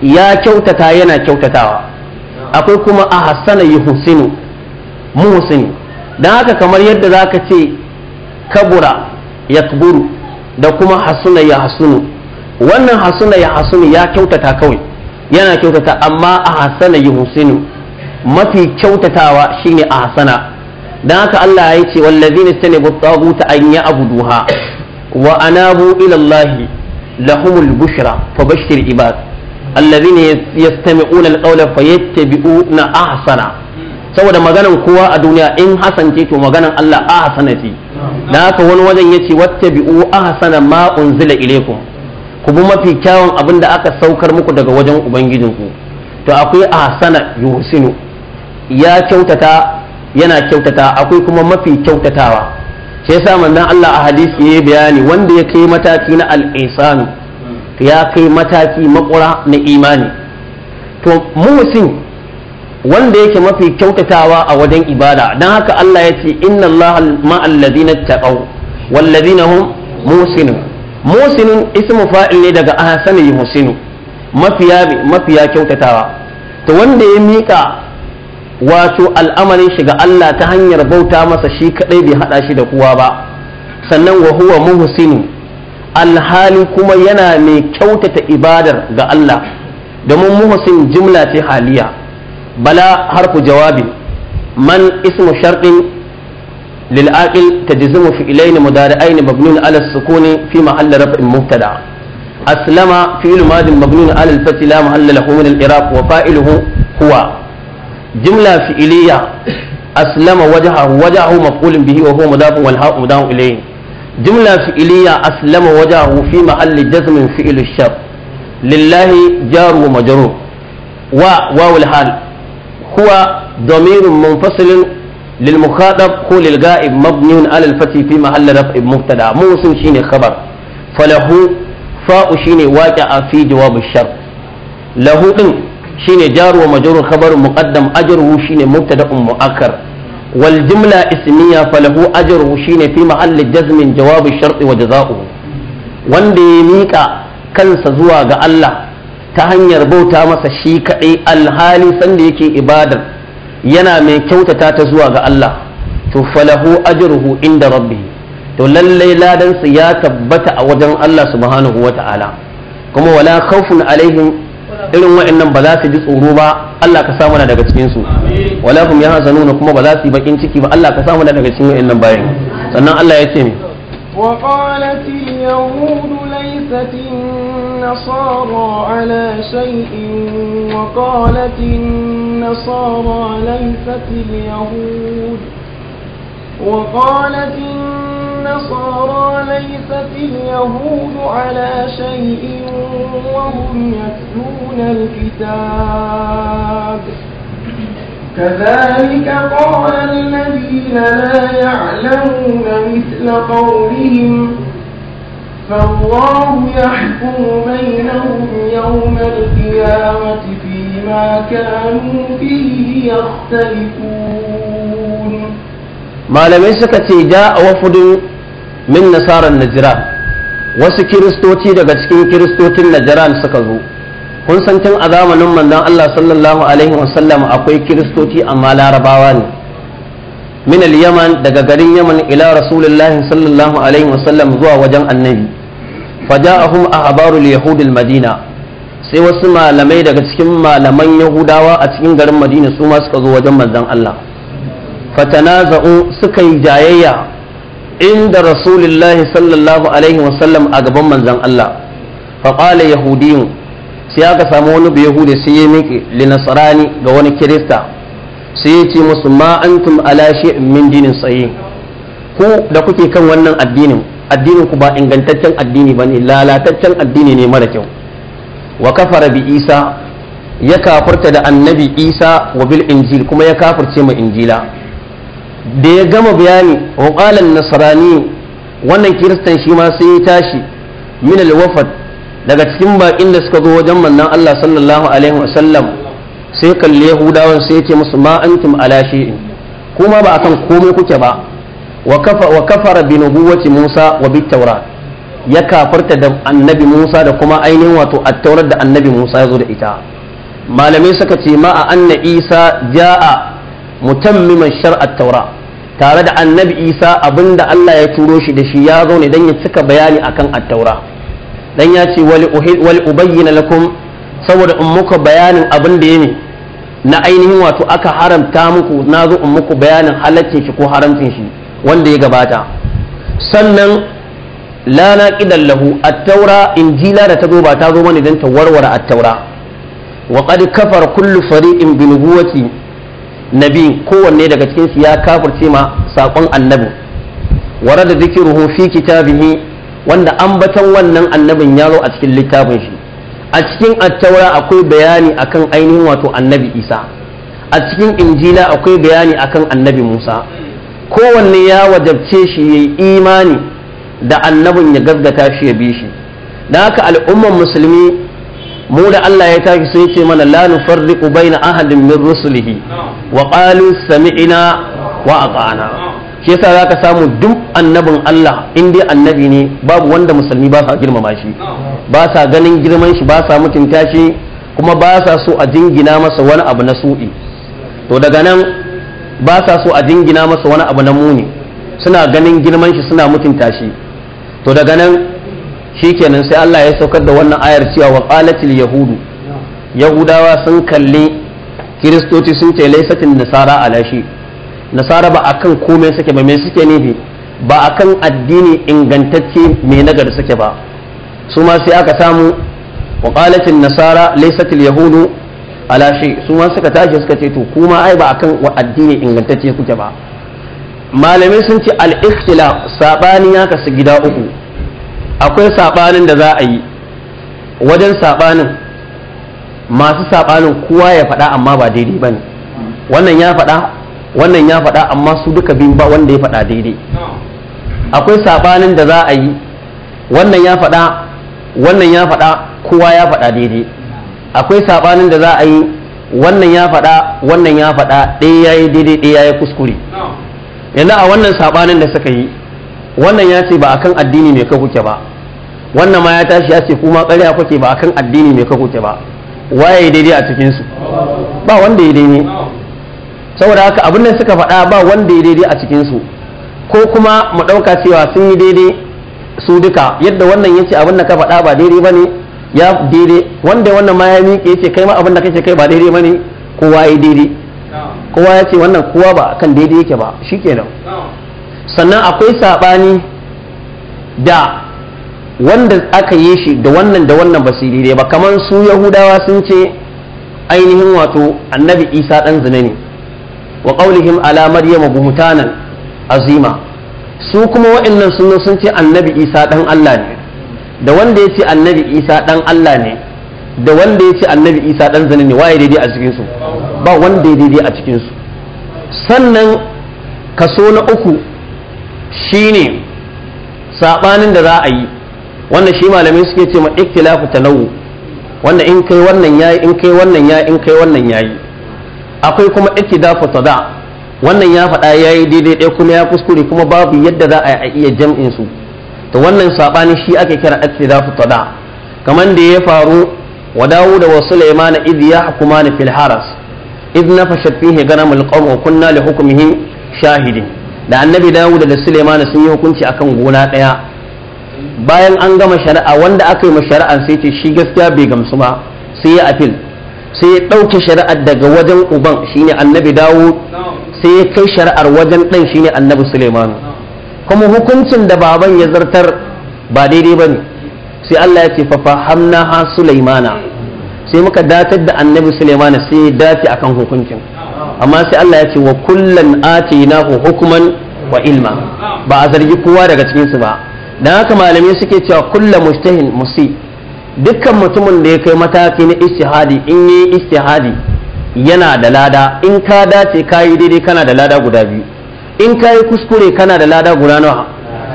ya kyautata yana kyautatawa akwai kuma ahsana husinu, muhsin dan haka kamar yadda zaka ce kabura yakburu da kuma hasuna ya hasunu wannan hasuna ya hasunu ya kyautata kawai yana kyautata amma ahsana husinu, mafi kyautatawa shine ahsana dan haka Allah ya ce wallazina istanibu taguta an ya abuduha wa anabu ila Allah lahumul bushra fabashshir ibad allazina yastami'una alqawla fayattabi'una ahsana saboda maganan kowa a duniya in hasan ce to maganan Allah ahsana ce dan haka wani wajen yace wattabi'u ahsana ma unzila ilaykum ku bi mafi kyawun abin da aka saukar muku daga wajen ubangijinku to akwai ahsana yuhsinu ya kyautata yana kyautata akwai kuma mafi kyautatawa sai yasa manzon Allah a hadisi ya bayani wanda ya kai mataki na al-ihsan ya kai mataki makura na imani to muhsin wanda yake mafi kyautatawa a wajen ibada dan haka Allah ya ce inna Allah ma'al ladina taqaw wal ladina hum muhsinun muhsinun ismu fa'il ne daga ahsana yuhsinu mafiya mafiya kyautatawa to wanda ya mika wato al'amarin shiga Allah ta hanyar bauta masa shi kadai bai hada shi da kowa ba sannan wa huwa muhsinu alhali kuma yana mai kyautata ibadar ga Allah domin muhsin jumla ce haliya bala harfu jawabi man ismu sharɗin للعاقل mabnun ala sukuni fi على rafin mubtada aslama fi'lu madin mabnun ala al-fath la الفتح lahu min al من wa fa'iluhu huwa. jimla fi'iliya aslama wajahu wajahu maf'ulun bihi wa huwa mudafun wal ha'u mudafun ilayhi jimla fi'iliya aslama wajahu fi mahalli jazmin fi'il shar lillahi jaru wa wa wawul hal huwa ضمير منفصل للمخاطب هو للغائب مبني على الفتح في محل رفع مبتدا موسم شيني خبر فله فاء شيني واقع في جواب الشر له دين shine jaru wa majrur khabarun muqaddam ajruhu shine mubtada'un mu'akkar wal jumla ismiya falahu ajruhu shine fi mahalli jazmin jawabu shart wa jazaohu wanda ya mika kansa zuwa ga Allah ta hanyar bauta masa shi kadai alhali sanda yake ibadar yana mai kyautata ta zuwa ga Allah to falahu ajruhu inda rabbi to lallai ladansa ya tabbata a wajen Allah subhanahu wa ta'ala kuma wala khawfun alaihim irin wa'annan ba za su ji tsoro ba Allah ka samu na daga cikin su wala hum yahzanuna kuma ba za su yi bakin ciki ba Allah ka samu na daga cikin wa'annan bayan sannan Allah ya ce mi وقالت اليهود ليست النصارى على شيء وقالت النصارى ليست اليهود وقالت النصارى ليست اليهود على شيء وهم يتلون الكتاب كذلك قال الذين لا يعلمون مثل قولهم فالله يحكم بينهم يوم القيامة فيما كانوا فيه يختلفون ما لم يسكت ja وفدوا min nasaran najiran wasu kiristoci daga cikin kiristocin najiran suka zo kun san tun a zamanin manzon Allah sallallahu alaihi wasallam akwai kiristoci amma larabawa ne min al-yaman daga garin yaman ila rasulullahi sallallahu alaihi wasallam zuwa wajen annabi faja'ahum al yahud al-madina sai wasu malamai daga cikin malaman yahudawa a cikin garin madina su ma suka zo wajen manzon Allah fatanaza'u suka yi jayayya inda rasulullahi sallallahu alaihi wasallam a gaban manzan Allah faƙala yahudiyun sai aka samu wani yahudi sai ya miƙe linasarani ga wani kirista sai ya ce musu ma antum ala min jinin tsaye ku da kuke kan wannan addinin addinin ku ba ingantaccen addini ba ne, lalataccen addini ne mara kyau wa kafara bi isa ya kafirta da annabi isa wa bil injil kuma ya kafarce ma injila da ya gama bayani wa ƙalan nasarani, wannan kiristan shi ma sai ya tashi min al daga cikin baƙin da suka zo wajen mannan Allah sallallahu alaihi wasallam sai kalle yahudawan sai ya musu ma antum ala shay'in kuma ba akan komai kuke ba wa kafa wa kafara bi nubuwati Musa wa bi tawrat ya kafarta da annabi Musa da kuma ainihin wato at-taurat da annabi Musa ya zo da ita malamai suka ce ma a anna Isa ja'a mutammiman shar'at taura tare da annabi isa abinda allah ya turo shi da shi ya zo ne ya cika bayani akan attaura dan ya ce wal ubayyana lakum saboda in muku bayanin abin da ne na ainihin wato aka haramta muku na zo in muku bayanin halaccin shi ko haramcin shi wanda ya gabata sannan la naqidan lahu attaura injila da ta zo ba ta zo bane dan ta warware attaura taura wa qad kafara kullu fariqin bi nubuwati nabi kowanne daga cikin su ya kafirce ma sakon annabi warada dhikruhu fi kitabihi wanda ambaton wannan annabin ya zo a cikin littafin shi a cikin attaura akwai bayani akan ainihin wato annabi isa a cikin injila akwai bayani akan annabi musa kowanne ya wajabce shi ya yi imani da annabin ya gaggata shi ya bi shi da haka al'ummar musulmi mu da Allah ya tashi sun ce mana la nufarriqu baina ahadin min rusulihi wa qalu sami'na wa ata'na shi yasa zaka samu duk annabin Allah in dai annabi ne babu wanda musulmi ba sa girmama shi ba sa ganin girman shi ba sa mutunta shi kuma ba sa so a jingina masa wani abu na su'i to daga nan ba sa so a jingina masa wani abu na muni suna ganin girman shi suna mutunta shi to daga nan shikenan sai Allah ya saukar da wannan ayar cewa wa qalatil yahudu yahudawa sun kalli kiristoci sun ce laisatin nasara ala shi nasara ba akan komai suke ba me suke bi ba akan addini ingantacce mai nagari suke ba su ma sai aka samu wa qalatil nasara laisatil yahudu ala shi su ma suka tashi suka ce to kuma ai ba akan wa addini ingantacce kuke ba malamai sun ce al-ikhtilaf sabani haka su gida uku akwai saɓanin da za a yi wajen saɓanin masu saɓanin kowa ya faɗa amma ba daidai ba ne wannan ya faɗa wannan ya faɗa amma su duka biyu ba wanda ya faɗa daidai akwai saɓanin da za a yi wannan ya faɗa wannan ya faɗa kowa ya faɗa daidai akwai saɓanin da za a yi wannan ya faɗa wannan ya faɗa ɗaya ya yi daidai ɗaya ya yi kuskure yanzu a wannan saɓanin da suka yi wannan ya ce ba akan addini mai ka kuke ba wannan ma ya tashi ya ce kuma ƙarya kuke ba akan addini mai ka kuke ba waye daidai a cikin su ba wanda ya daidai saboda haka abin da suka faɗa ba wanda ya daidai a cikin su ko kuma mu ɗauka cewa sun yi daidai su duka yadda wannan ya ce abin da ka faɗa ba daidai ba ne ya daidai wanda wannan ma ya miƙe ya ce kai ma abin da kake kai ba daidai ba ne kowa ya daidai kowa ya ce wannan kowa ba kan daidai yake ba shikenan sannan akwai saɓani da wanda aka yi shi da wannan da wannan basiri ne ba kamar su yahudawa sun ce ainihin wato annabi isa ɗan zina ne wa ƙaunihim ala maryama buhutanan azima su kuma wa'annan sun sun ce annabi isa ɗan allah ne da wanda ya ce annabi isa ɗan allah ne da wanda ya ce annabi isa ɗan zina ne waye daidai a cikinsu ba wanda ya daidai a cikinsu sannan kaso na uku Shi ne saɓanin da za a yi wanda shi malamai suke ce ma ta nau wanda in kai wannan yayi in kai wannan yayi in kai wannan yayi akwai kuma ta da wannan ya faɗa yayi daidai ɗaya kuma ya kuskure kuma babu yadda za a yi a iya jam'insu su wannan saɓanin shi ake kira ta da kamar da ya faru wa laimana wa ya idh yahkumani fil haras idh na fihi ganamul qawm wa kunna li hukumihin shahidin da annabi dawud da suleiman sun yi hukunci akan gona ɗaya bayan an gama shari'a wanda aka yi ma shari'a sai ce shi gaskiya bai gamsu ba sai ya afil sai ya ɗauke shari'ar daga wajen uban shine annabi dawud sai ya kai shari'ar wajen ɗan shine annabi suleiman kuma hukuncin da baban ya zartar ba daidai ba ne sai allah ya ce fa fahamna ha suleimana sai muka datar da annabi suleimana sai ya dace akan hukuncin amma sai Allah ya ce wa kullan ku hukuman wa ilma ba a zargi kowa daga cikin su ba dan haka malamai suke cewa kullu mujtahin musi dukkan mutumin da ya kai mataki na istihadi in yi istihadi yana da lada in ka dace ka yi daidai kana da lada guda biyu in ka yi kuskure kana da lada guda nawa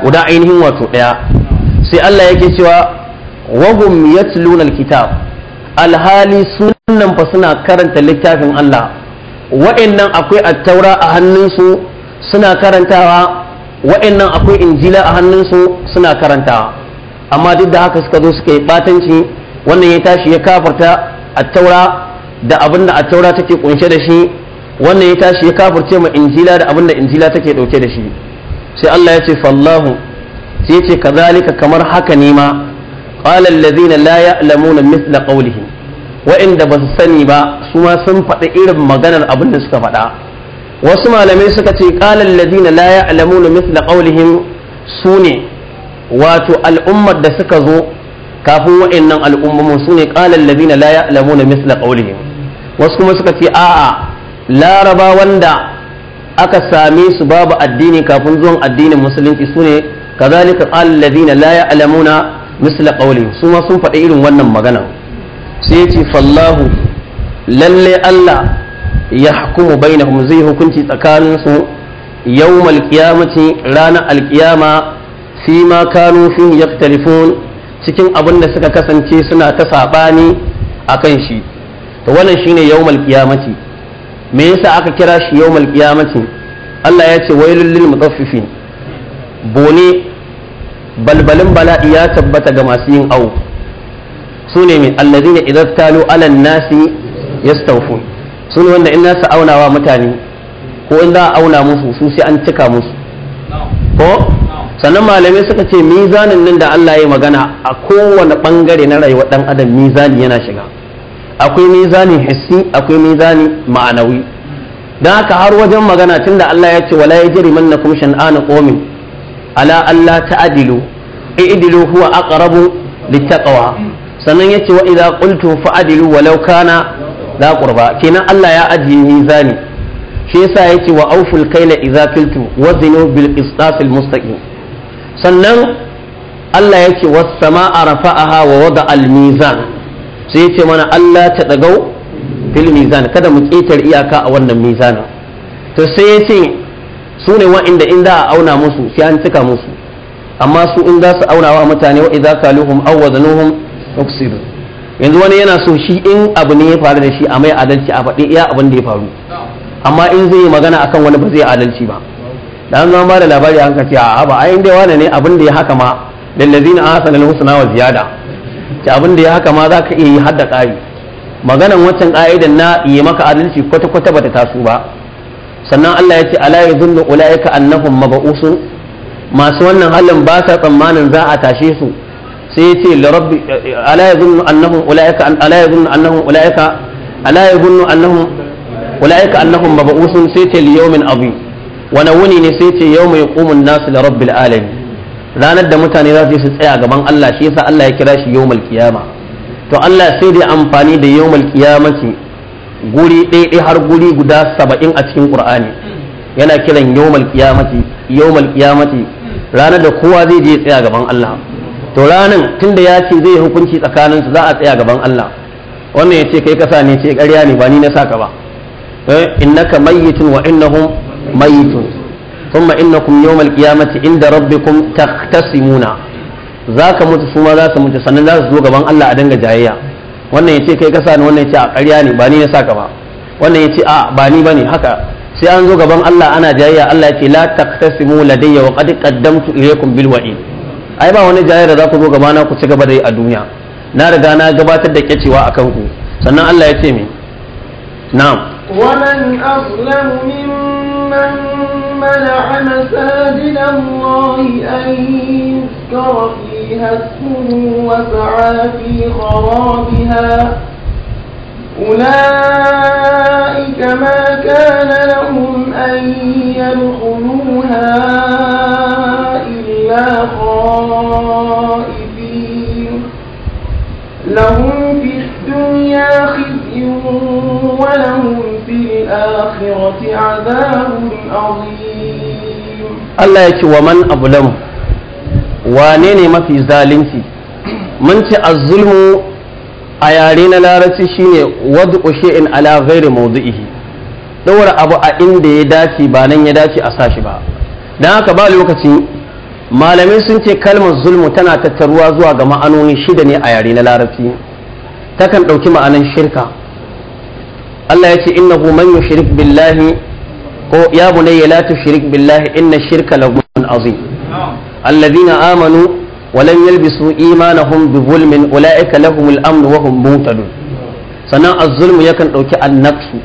guda ainihin wato daya sai Allah yake cewa wahum yatluna alkitab alhali sunan fa suna karanta littafin Allah wa'annan akwai attaura a hannunsu suna karantawa wa'annan akwai injila a hannunsu suna karantawa amma duk da haka suka zo suka yi batanci wannan ya tashi ya kafarta attaura da abin da attaura take kunshe da shi wannan ya tashi ya kafirce ma injila da abin da injila take dauke da shi sai Allah ya ce fallahu sai ya ce kazalika kamar haka ne ma qala allazina la ya'lamuna mithla qawlihim wa'inda ba su sani ba su ma sun faɗi irin maganar abin da suka faɗa wasu malamai suka ce ƙalar ladina la ya ya'lamuna mithla su ne wato al'ummar da suka zo kafin wa'annan su ne ƙalar ladina la ya ya'lamuna mithla qawlihim wasu kuma suka ce a'a laraba wanda aka same su babu addini kafin zuwan addinin musulunci su sune kazalika ƙalar ladina la ya ya'lamuna mithla qawlihim su ma sun faɗi irin wannan magana sai ce fallahu lalle Allah ya hukumu bainahum zai hukunci tsakanin su yawmal qiyamati ranar alqiyama fi ma kanu fi yaktalifun cikin abin da suka kasance suna ta sabani akan shi ta wannan shine yawmal qiyamati me yasa aka kira shi yawmal qiyamati Allah ya ce wailul lil mutaffifin bone balbalin bala'i ya tabbata ga masu yin awu su ne mai ne idan talo alan nasi yastawfun su ne wanda in nasu aunawa mutane ko in za a auna musu su sai an cika musu ko sannan malamai suka ce mizanin nan da Allah ya magana a kowane bangare na rayuwar dan adam mizani yana shiga akwai mizani hissi akwai mizani ma'anawi don haka har wajen magana tunda Allah ya ce wala yajri mannakum shan'anu qawmin ala alla ta'dilu i'dilu huwa aqrabu littaqwa sannan yace wa idza qultu fa'dilu walau kana la qurba kenan Allah ya ajiye mizani shi yasa yace wa auful kaila na qultu wazinu bil qistas al mustaqim sannan Allah yake was a rafa'aha wa wada al mizan sai yace mana Allah ta dagau fil mizan kada mu ketar iyaka a wannan mizanin to sai yace su ne wa'inda in za a auna musu sai an cika musu amma su in za su auna wa mutane wa idza kaluhum aw wazanuhum uksiru yanzu wani yana so shi in abu ne ya faru da shi a mai adalci a faɗi iya abin da ya faru amma in zai yi magana akan wani ba zai adalci ba da an zama da labari an kace a ba ai da wani ne abin da ya haka ma lillazina ahsana alhusna wa ziyada ta abin da ya haka ma zaka iya yi hadda ƙari maganan wancan ka'idan na yi maka adalci kwata kwata bata taso ba sannan Allah ya ce ala yadhunnu ulaika annahum mab'usun masu wannan halin ba sa tsammanin za a tashe su sai ya ce larabbi ala zunnu annahum ulaika ala zunnu annahum ulaika ala zunnu annahum ulaika annahum mabusun sai ce li yawmin azim wani wuni ne sai ce yawma yaqumu an-nas li rabbil alamin ranar da mutane za su su tsaya gaban Allah shi yasa Allah ya kira shi yawmal qiyama to Allah sai dai amfani da yawmal qiyamati guri ɗaya har guri guda saba'in a cikin Qur'ani yana kiran yawmal qiyamati yawmal qiyamati ranar da kowa zai je tsaya gaban Allah to ranan tunda ya ce zai hukunci tsakanin su za a tsaya gaban Allah wannan ya ce kai kasa ne ce ƙarya ne ba ni na saka ba eh, innaka mayyitun wa innahum mayyitun thumma innakum yawmal qiyamati inda rabbikum takhtasimuna zaka mutu su ma za su mutu sannan za su zo gaban Allah a danga jayayya wannan ya ce kai kasa ne wannan ya ce a ƙarya ne ba ni na saka ba wannan ya ce a ba ni bane haka sai an zo gaban Allah ana jayayya Allah ya ce la taqtasimu ladayya wa qad qaddamtu ilaykum bil wa'id ai ba wani jayar da za ku zo gaba na ku ci gaba da yi a duniya na riga na gabatar da kyacewa a kanku sannan Allah ya ce mi na'am ومن أظلم ممن منع مساجد الله أن يذكر فيها اسمه وسعى في خرابها أولئك ما كان لهم أن يدخلوها إلا خائفين لهم في الدنيا خزي ولهم في الآخرة عذاب عظيم الله يكي ومن أظلم وانين ما في من الظلم a yare na larabci shine wadu in ala ghairi mawdi'ihi daura abu a inda ya dace ba nan ya dace a sashi ba dan haka ba lokacin malamai sun ce kalmar zulmu tana tattaruwa zuwa ga ma'anoni shida ne a yare na larabci takan ɗauki ma'anan shirka Allah ya ce innahu man yushrik billahi ko ya bunayya la tushrik billahi inna shirka la azim alladhina amanu wa lam yalbisu imanahum bi zulmin ulaika lahumul amn wa hum muhtadun sannan az-zulmu yakan ɗauki annaksu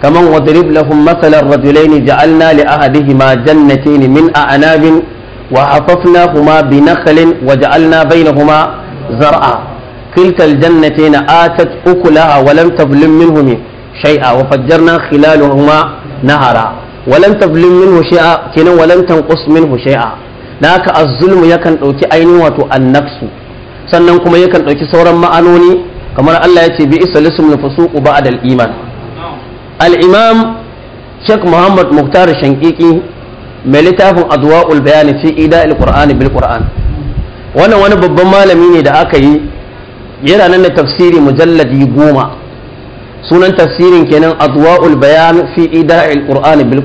kaman wadrib lahum mathalan rajulaini ja'alna li ahadihima jannatayn min a'nabin وحففناهما بنخل وجعلنا بينهما زرعا كلتا الجنتين آتت أكلها ولم تظلم منهم شيئا وفجرنا خلالهما نهرا ولم تظلم منه شيئا كنا ولم تنقص منه شيئا ناك الظلم يكن أوكي أين واتو النفس sannan kuma yakan ɗauki sauran ma'anoni kamar Allah ya ce bi isa lismul fusuqu ba'da al-iman al-imam Sheikh Muhammad Muhtar Shankiki mai littafin adwa'ul bayani fi ida alqur'ani bil wannan wani babban malami ne da aka yi yana nan da tafsiri mujalladi goma sunan tafsirin kenan adwa'ul bayan fi ida alqur'ani bil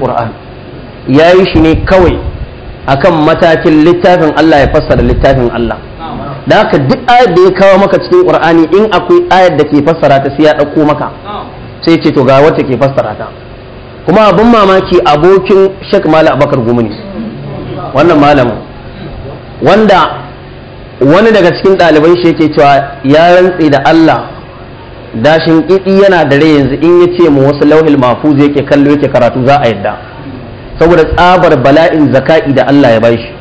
Ya yi shi ne kawai akan matakin littafin Allah ya fassara littafin Allah da haka duk ayar da ya kawo maka cikin qur'ani in akwai ayar da ke fassara ta sai ya ɗauko maka sai ce to ga wacce ke fassara ta kuma abin mamaki abokin shek mala abakar wannan malamin wanda wani daga cikin ɗaliban shi yake cewa ya rantse da Allah dashin ƙiɗi yana da rai yanzu in ya ce mu wasu lauhil mafuz yake kallo yake karatu za a yadda saboda tsabar bala'in zaka'i da Allah ya bashi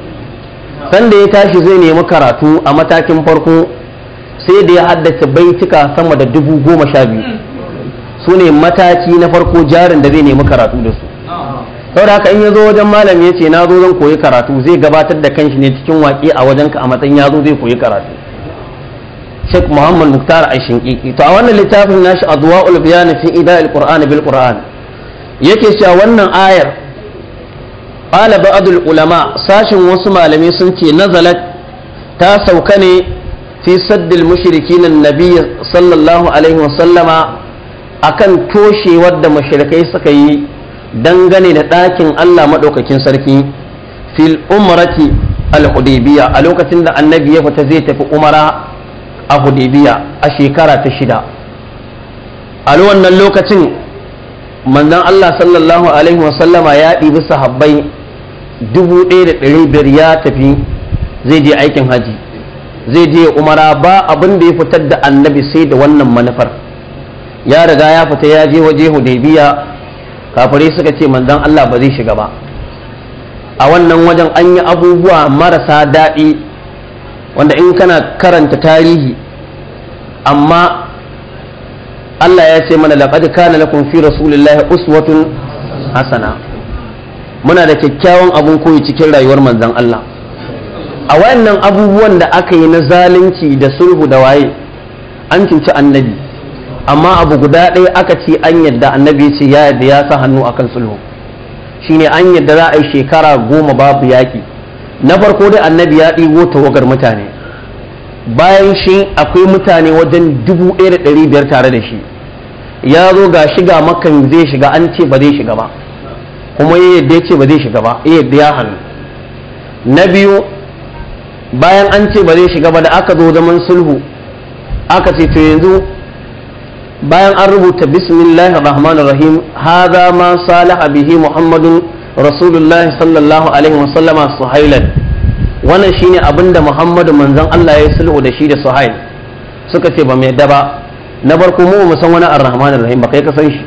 sanda ya tashi zai nemi karatu a matakin farko sai da ya haddace baituka sama da dubu goma sha biyu su ne mataki na farko jarin da zai nemi karatu da su saboda haka in ya zo wajen malam ya ce na zo zan koyi karatu zai gabatar da kanshi ne cikin waƙe a wajen ka a matsayin ya zo zai koyi karatu Sheikh Muhammad Muktar Ashinkiki to a wannan littafin nashi Adwa'ul Bayan fi Ida'il Qur'an bil Qur'an yake cewa wannan ayar qala ba'dul ulama sashin wasu malami sun ce nazalat ta sauka ne fi saddil mushrikin annabi sallallahu alaihi wa sallama akan toshewar da mashirkai suka yi dangane da ɗakin Allah maɗaukakin sarki fil umarati al hudibiya a lokacin da annabi ya fita zai tafi umara a Hudibiya a shekara ta shida a wannan lokacin manzon Allah sallallahu alaihi wasallama ya ɗibi sahabbai dubu ɗaya da ɗari biyar ya tafi zai je aikin haji zai je umara ba abin da ya fitar da annabi sai da wannan manufar ya riga ya fita ya je waje hudaybiya kafirai suka ce manzon Allah ba zai shiga ba a wannan wajen an yi abubuwa marasa daɗi wanda in kana karanta tarihi amma Allah ya ce mana laqad kana lakum fi rasulillahi uswatun hasana muna da kyakkyawan abun koyi cikin rayuwar manzon Allah a wayannan abubuwan da aka yi na zalunci da sulhu da waye an cuci annabi amma abu guda ɗaya aka ce an yadda annabi ya ce ya yadda ya sa hannu akan sulhu shi ne an yadda za a yi shekara goma babu yaƙi na farko dai annabi ya ɗigo tawagar mutane bayan shi akwai mutane wajen dubu ɗaya da ɗari biyar tare da shi ya zo ga shiga makan zai shiga an ce ba zai shiga ba kuma ya yadda ya ce ba zai shiga ba ya yadda ya hannu na biyu bayan an ce ba zai shiga ba da aka zo zaman sulhu aka ce to yanzu bayan an rubuta bismillahir rahmanir rahim hadha ma salaha bihi muhammadun rasulullahi sallallahu alaihi wasallama suhailan wannan shine abinda muhammadu manzon Allah ya sulhu da shi da suhail suka ce ba mai ba na barko mu mu san wani arrahmanir rahim ba kai ka san shi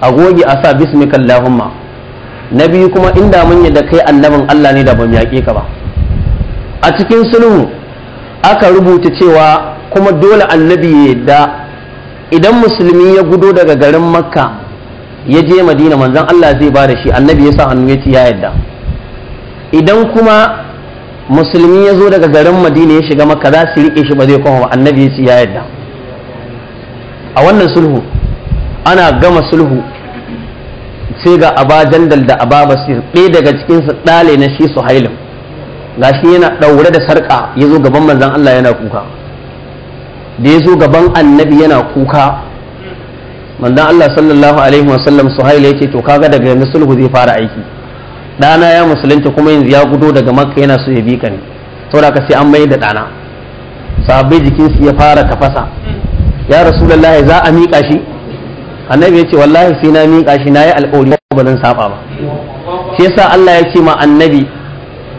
a goge a sa bismikallahumma na biyu kuma inda mun da kai annabin Allah ne da ba mu yaƙe ka ba a cikin sulhu aka rubuta cewa kuma dole annabi ya da. idan musulmi ya gudo daga garin makka ya je madina manzan Allah zai ba da shi annabi ya sa hannu ya ci ya yadda idan kuma musulmi ya zo daga garin madina ya shiga makka za su riƙe shi ba zai koma ba annabi ya ci ya yadda a wannan sulhu ana gama sulhu sai ga aba jandal da aba basir ɗaya daga cikinsu ɗale na shi su Ga shi yana ɗaure da sarƙa ya zo gaban manzan Allah yana kuka da ya zo gaban annabi yana kuka manzon Allah sallallahu alaihi wasallam suhaila yake to kaga daga yanzu sulhu zai fara aiki dana ya musulunci kuma yanzu ya gudo daga makka yana so ya bi ka ne saboda ka sai an mai da ɗana sahabbai jikinsu ya fara tafasa ya rasulullahi za a miƙa shi annabi ya ce wallahi sai na miƙa shi na yi alƙawari ba zan saba ba shi yasa Allah ya ce ma annabi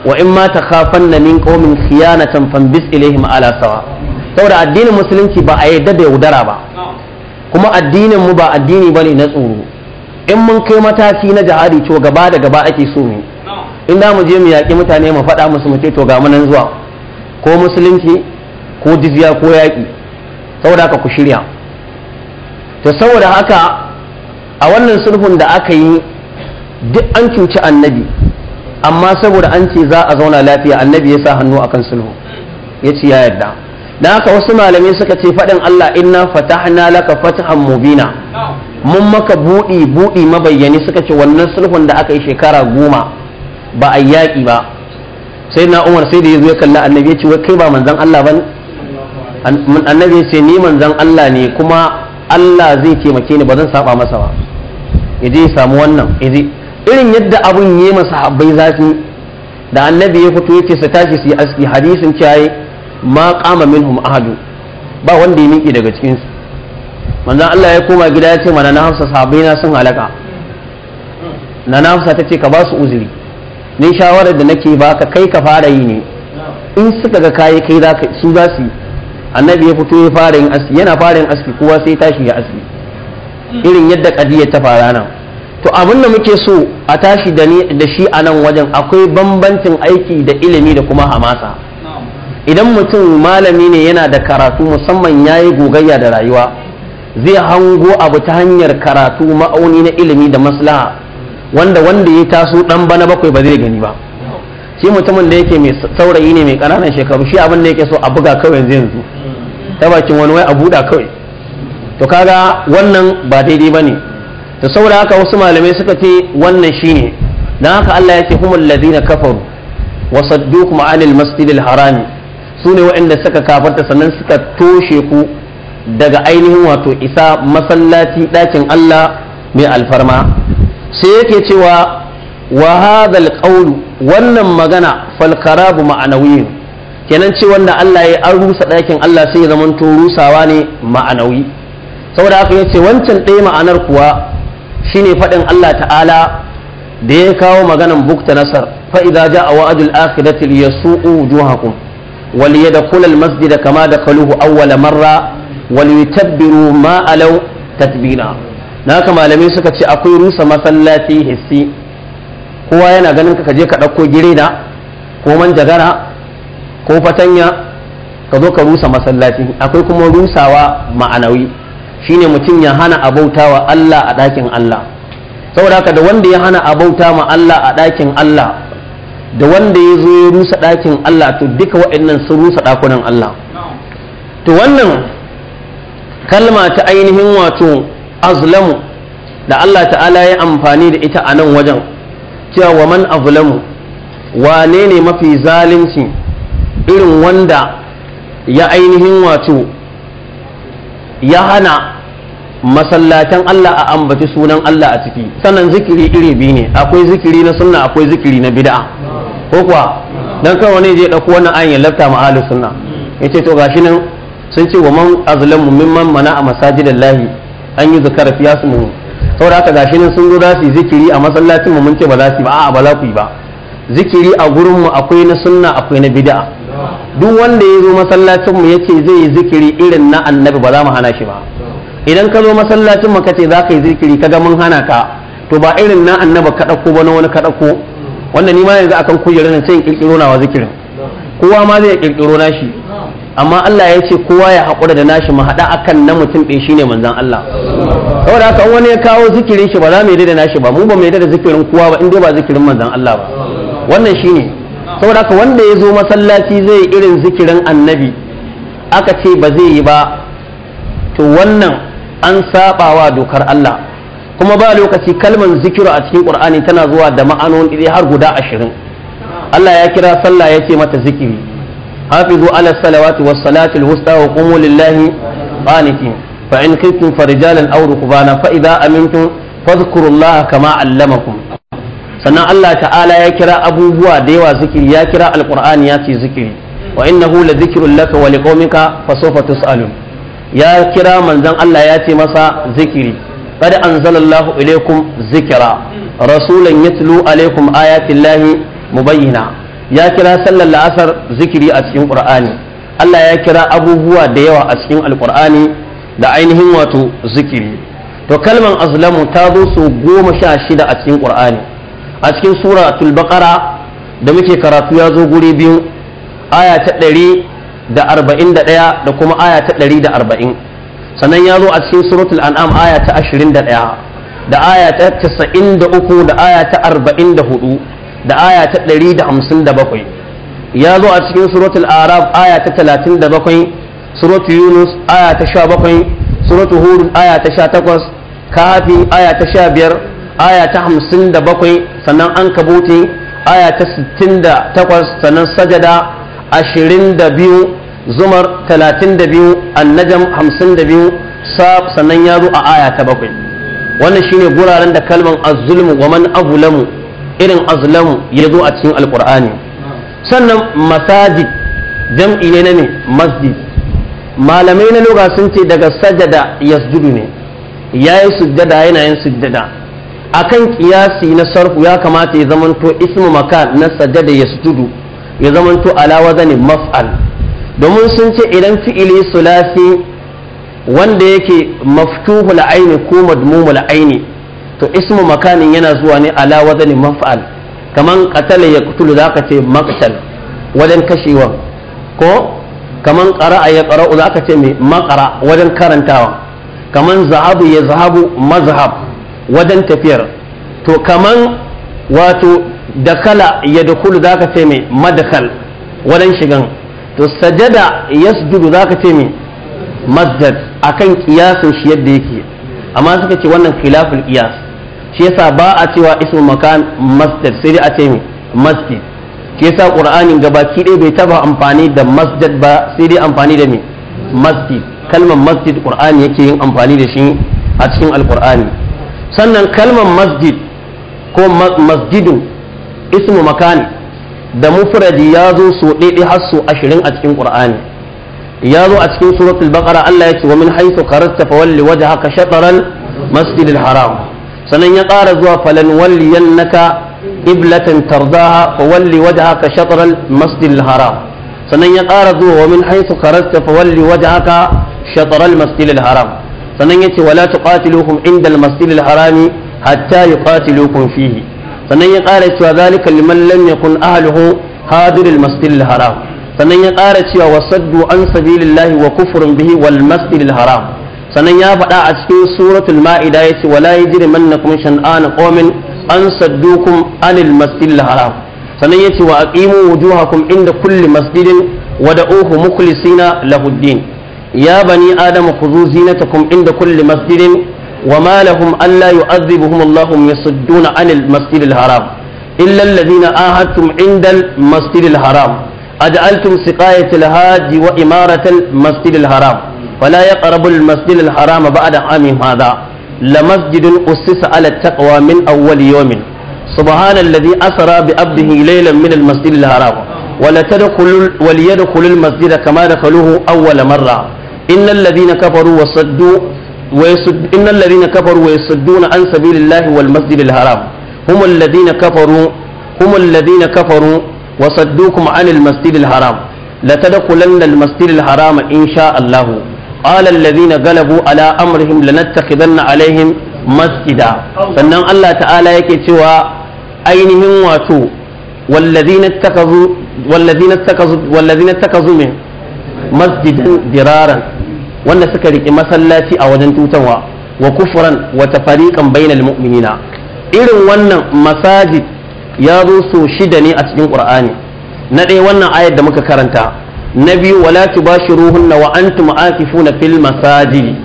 wa in ma takhafanna min qaumin khiyanatan fambis ilaihim ala sawa saboda addinin musulunci ba a yadda da yaudara ba kuma addinin mu ba addini bane na tsoro in mun kai mataki na jihadi to gaba da gaba ake so mu in da mu je mu yaƙi mutane mu faɗa musu mu to ga munan zuwa ko musulunci ko jizya ko yaƙi saboda haka ku shirya to saboda haka a wannan sulhun da aka yi duk an cuci annabi amma saboda an ce za a zauna lafiya annabi ya sa hannu akan sulhu ya ce ya yarda da haka wasu malamai suka ce faɗin Allah inna fatahna laka fatahan mubina mun maka buɗi buɗi mabayyani suka ce wannan sulhun da aka yi shekara goma ba a ba sai na umar sai da ya zo ya kalla annabi ya ce wai kai ba manzon Allah ba annabi ya ce ni manzon Allah ne kuma Allah zai taimake ni ba zan saba masa ba yaje ya samu wannan yaje irin yadda abun yi masa habbai zafi da annabi ya fito ya ce su tashi su yi aski hadisin cewa ma qama minhum ahadu ba wanda ya miƙe daga cikin su manzon Allah ya koma gida ya ce mana na Hafsa sahabbai na sun halaka na na Hafsa tace ka ba su uzuri ni shawarar da nake baka kai ka fara yi ne in suka ga kai kai za ka su za su annabi ya fito ya fara yin aski yana fara yin aski kowa sai tashi ya aski irin yadda kadiyar ta fara nan to abin da muke so a tashi da shi a nan wajen akwai bambancin aiki da ilimi da kuma hamasa idan mutum malami ne yana da karatu musamman ya yi gogayya da rayuwa zai hango abu ta hanyar karatu ma'auni na ilimi da maslaha wanda wanda ya taso dan bana bakwai ba zai gani ba shi mutumin da yake mai saurayi ne mai kananan shekaru shi abin da yake so a buga kawai yanzu yanzu ta bakin wani wai a buɗa kawai to kaga wannan ba daidai ba ne to saboda haka wasu malamai suka ce wannan shine dan haka Allah ya ce humul ladina kafaru wasaddukum anil masjidil harami su ne waɗanda suka kafarta sannan suka toshe ku daga ainihin wato isa masallaci ɗakin Allah mai alfarma sai yake cewa wa hadal qawlu wannan magana fal karabu ma'anawi kenan ce wanda Allah ya an rusa ɗakin Allah sai ya zama to rusawa ne ma'anawi saboda haka yace wancan ɗaya ma'anar kuwa shine faɗin Allah ta'ala da ya kawo maganan bukta nasar fa idza ja'a wa'dul akhirati liyasu'u wujuhakum وليدخل المسجد كما دخلوه أول مرة وليتبروا ما ألو تتبينا ناكا ما لم يسكت أقوي rusa masallaci هسي هو أنا ganin ka je ka ɗauko gireda ko manjagara ko fatanya ka zo ka rusa masallaci akwai kuma rusawa ma'anawi shine mutum ya hana abautawa Allah a ɗakin Allah saboda haka da wanda ya hana abauta ma Allah a ɗakin Allah da wanda ya zo ya rusa ɗakin Allah to duka waɗannan sun rusa ɗakunan Allah to wannan kalma ta ainihin wato azlamu da Allah ta'ala ya amfani da ita a nan wajen cewa wa man azlamu wane ne mafi zalunci irin wanda ya ainihin wato ya hana masallatan Allah a ambaci sunan Allah a ciki sannan zikiri iri biyu ne akwai zikiri na sunna akwai zikiri na bid'a ko kuwa dan kawai wani je dauko wannan ayin ya lafta ma suna, sunna yace to gashi nan sun ce wa man azlamu mimman mana a masajidillahi an yi zakara fi yasmu saboda haka gashi nan sun zo za su yi zikiri a masallacin mu mun ce ba za su yi ba a'a ba za ku yi ba zikiri a gurin mu akwai na sunna akwai na bid'a duk wanda ya zo masallacin mu yace zai yi zikiri irin na annabi ba za mu hana shi ba idan ka zo masallacin mu kace za ka yi zikiri kaga mun hana ka to ba irin na annabi ka dauko ba na wani ka dauko wannan nima yanzu akan kujerar nan sai in kirkiro nawa zikirin kowa ma zai kirkiro nashi amma Allah ya ce kowa ya haƙura da nashi mu haɗa akan na mutum ɗaya shine manzon Allah saboda haka wani ya kawo zikirin shi ba za mu yi da nashi ba mu ba mu yi da zikirin kowa ba in ba zikirin manzon Allah ba wannan shine saboda haka wanda ya zo masallaci zai irin zikirin annabi aka ce ba zai yi ba to wannan an wa dokar Allah kuma ba lokaci kalmar zikiru a cikin qur'ani tana zuwa da ma'anon iri har guda ashirin Allah ya kira sallah ya ce mata zikiri hafizu ala salawati was salati wusta wa qumu lillahi qanitin fa in kuntum farijalan aw rukbana fa idza amintum fadhkurullaha kama allamakum sannan Allah ta'ala ya kira abubuwa da yawa zikiri ya kira alqur'ani ya ce zikiri wa innahu la zikrun laka wa liqaumika fa sawfa tus'alun ya kira manzon Allah ya ce masa zikiri قد أنزل الله إليكم ذكرا رسولا يتلو عليكم آيات الله مبينا يا كرا صلى الله أثر ذكري أتسين قرآني الله يا كرا أبو هو ديوة أتسين القرآني دعينهم واتو ذكري to kalman azlamu ta zo su goma sha shida a cikin ƙur'ani a cikin suratul baqara da muke karatu ya zo guri biyu aya ta ɗari da arba'in da ɗaya da kuma aya ta ɗari da arba'in sannan ya zo a cikin suratul an'am aya ta 21 da aya ta 93 da aya ta 44 da aya ta 157 ya zo a cikin suratul arab aya ta 37 suratul yunus aya ta 17 suratul hud aya ta 18 kafi aya ta 15 aya ta 57 sannan an kabuti aya ta 68 sannan sajada 22 zumar 32 annajam 52 sab sannan ya zo a aya ta bakwai wannan shine guraren da kalman az-zulmu wa man azlamu irin azlamu ya zo a cikin alqur'ani sannan masajid jam'i ne ne masjid malamai na lugha sun ce daga sajada yasjudu ne yayi sujjada yana yin sujjada akan kiyasi na sarfu ya kamata ya zamanto ismu makan na sajada yasjudu ya zamanto ala wazani maf'al domin sun ce idan fi'ili sulasi wanda yake maftuhu aini ko madmumu aini to ismu makanin yana zuwa ne ala wazani maf'al kaman qatala za zaka ce maqtal wajen kashewa ko kaman qara'a ya qara'u zaka ce mai maqara wajen karantawa kaman zahabu ya zahabu mazhab wajen tafiyar to kaman wato dakala ya dakulu zaka ce mai madakal wajen shigan to sajada za ka ce me a akan kiyasin shi yadda yake amma suka ce wannan khilaful qiyas shi yasa ba a cewa ismu makan masjid sai dai a ce mai masjid shi yasa gaba ki ɗaya bai taba amfani da masjid ba sai dai amfani da mai masjid kalmar masjid qur'ani yake yin amfani da shi a cikin alƙur'ani sannan kalmar masjid ko masjidun ismu makan da mufradi ya zo so ɗaiɗi har so ashirin a cikin ƙur'ani ya zo a cikin suratul baqara Allah ya ce wa min haythu kharajta fawalli wajhaka shatran masjidil haram sannan ya ƙara zuwa falan walliyannaka qiblatan tardaha fawalli wajhaka shatran masjidil haram sannan ya ƙara zuwa wa min haythu kharajta fawalli wajhaka shatran masjidil haram sannan ya ce wala tuqatiluhum inda al masjidil harami hatta yuqatilukum fihi sannan ya ƙara cewa zalika liman lam yakun ahluhu hadiril masjidil haram sannan ya ƙara cewa wasaddu an sabilillahi wa kufrun bihi wal masjidil haram sannan ya faɗa a cikin suratul ma'ida yace wala yajrimannakum shan'an qawmin an saddukum anil masjidil haram sannan yace wa aqimu wujuhakum inda kulli masjidin wada'uhu mukhlisina lahuddin ya bani adama khuzu zinatakum inda kulli masjidin وما لهم ألا يعذبهم الله يصدون عن المسجد الحرام إلا الذين آهدتم عند المسجد الحرام أجعلتم سقاية الهاج وإمارة المسجد الحرام فلا يقرب المسجد الحرام بعد عام هذا لمسجد أسس على التقوى من أول يوم سبحان الذي أسرى بأبده ليلا من المسجد الحرام ولتدخل وليدخل المسجد كما دخلوه أول مرة إن الذين كفروا وصدوا وإن الذين كفروا ويصدون عن سبيل الله والمسجد الحرام هم الذين كفروا هم الذين كفروا وصدوكم عن المسجد الحرام لتدخلن المسجد الحرام إن شاء الله قال الذين غلبوا على أمرهم لنتخذن عليهم مسجدا فنن الله تعالى يكي ainihin wato wallazina takazu min masjidan diraran wanda suka riƙi masallaci a wajen tutarwa wa wata wa tafariqan bainal mu'minina irin wannan masajid ya zo so shida ne a cikin qur'ani na ɗaya wannan ayar da muka karanta na biyu wala tubashiruhunna wa antum akifuna fil masajidi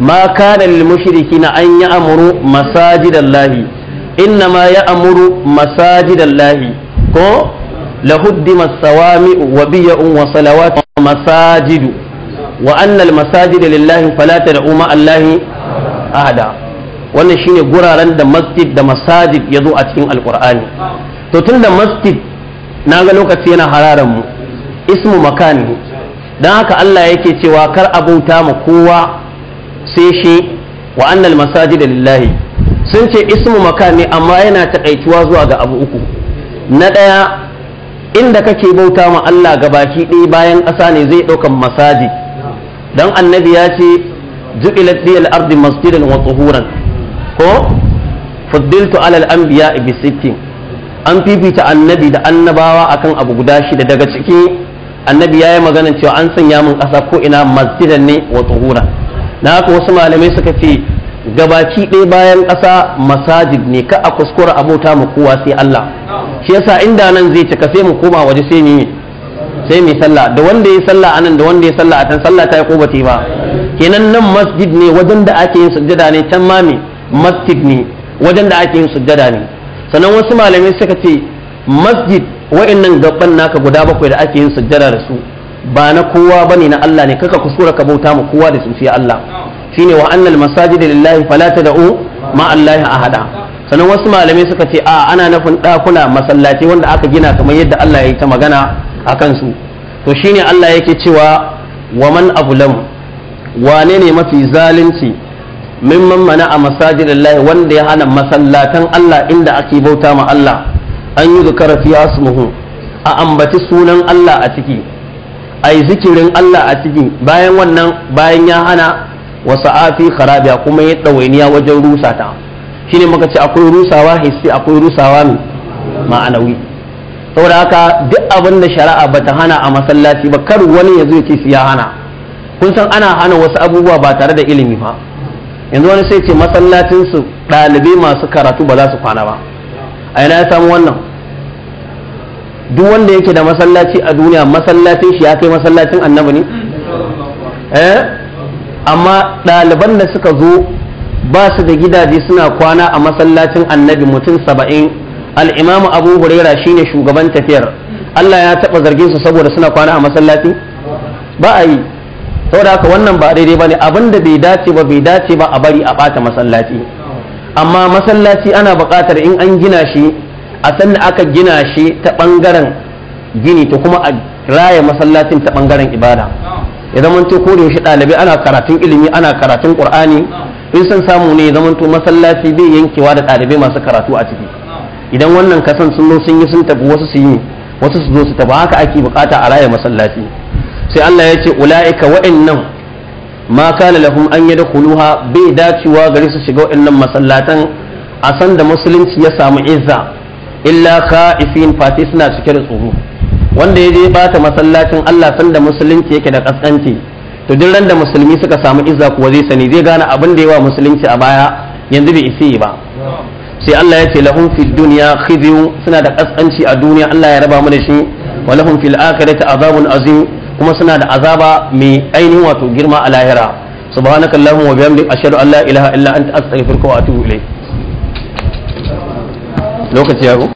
ma kana lil mushrikina an ya'muru masajidallahi innama ya'muru masajidallahi ko lahuddimas sawami wa biya'un wa salawat masajidu wa annal masajid lillahi fala tad'u ma allahi ahada wannan shine guraren da masjid da masajid yazo a cikin alqur'ani to tunda masjid na ga lokaci yana hararan mu ismu makan dan haka Allah yake cewa kar bauta mu kowa sai shi wa annal masajid lillahi sun ce ismu makan amma yana takaituwa zuwa ga abu uku na daya inda kake bauta ma Allah gabaki ɗaya bayan ƙasa ne zai ɗaukan masajid dan annabi ya ce ju'ilat li al-ardi masjidan wa tuhuran ko fuddiltu ala al-anbiya bi sittin an fifita annabi da annabawa akan abu guda shida daga ciki annabi yayi magana cewa an sanya min ƙasa ko ina masjidan ne wa tuhura. na haka wasu malamai suka ce gabaki ɗaya bayan ƙasa masajid ne ka a kuskura abota mu kowa sai Allah shi yasa inda nan zai cika sai mu koma waje sai ni. sai mai sallah da wanda ya sallah anan da wanda ya sallah a can sallah ta yi kubati ba kenan nan masjid ne wajen da ake yin sujjada ne can ma masjid ne wajen da ake yin sujjada ne sannan wasu malamai suka ce masjid wa'annan gaban naka guda bakwai da ake yin sujjada da su ba na kowa bane na Allah ne kaka kusura ka bauta mu kowa da su sai Allah shine wa annal masajid lillahi fala tad'u ma Allah ahada sanan wasu malamai suka ce a ana nufin dakuna masallaci wanda aka gina kamar yadda Allah ya yi ta magana a kansu to shine Allah yake cewa wa man abulam wane ne mafi zalunci mimman mana a Allah wanda ya hana masallatan Allah inda ake bauta ma Allah an yi zukara fiya smuhu a ambaci sunan Allah a ciki a yi zikirin Allah a ciki bayan wannan bayan ya hana wa sa'afi kharabiya kuma ya ɗawainiya wajen rusa ta shine muka ce akwai rusawa hissi akwai rusawa ma'anawi saboda haka duk abin da shari'a ba ta hana a masallaci ba kar wani ya zo ce su ya hana kun san ana hana wasu abubuwa ba tare da ilimi ba yanzu wani sai ce masallacin su ɗalibai masu karatu ba za su kwana ba a yana ya samu wannan duk wanda yake da masallaci a duniya masallacin shi ya kai masallacin annabi ne eh amma ɗaliban da suka zo ba su da gidaje suna kwana a masallacin annabi mutum saba'in al-imam abu huraira ne shugaban tafiyar Allah ya taba zargin su saboda suna kwana a masallaci ba a yi saboda haka wannan ba daidai ba abin abinda bai dace ba bai dace ba a bari a bata masallaci amma masallaci ana buƙatar in an gina shi a san da aka gina shi ta bangaren gini to kuma a raya masallacin ta bangaren ibada ya zamanto ko da yaushe ɗalibai ana karatun ilimi ana karatun ƙur'ani in san samu ne ya zamanto masallaci bai yankewa da ɗalibai masu karatu a ciki idan wannan kasan sun zo sun yi sun tafi wasu su yi wasu su zo su tafi haka ake bukata a raya masallaci sai Allah ya ce ula'ika wa'annan ma kana lahum an yadkhuluha bai dacewa gari su shiga wa'annan masallatan a san da musulunci ya samu izza illa ka'ifin fati suna cike da tsoro wanda ya je bata masallacin Allah san da musulunci yake da kaskanci to duk ran da musulmi suka samu izza kuwa zai sani zai gane abin da yawa musulunci a baya yanzu bai isi ba sai Allah ya ce lahum fid dunya khizyu suna da kaskanci a duniya Allah ya raba mu da shi wa lahum fil akhirati azabun azim kuma suna da azaba mai ainihin wato girma a lahira subhanaka allahumma wa bihamdika ashhadu an la ilaha illa anta astaghfiruka wa atubu ilayk lokaci ya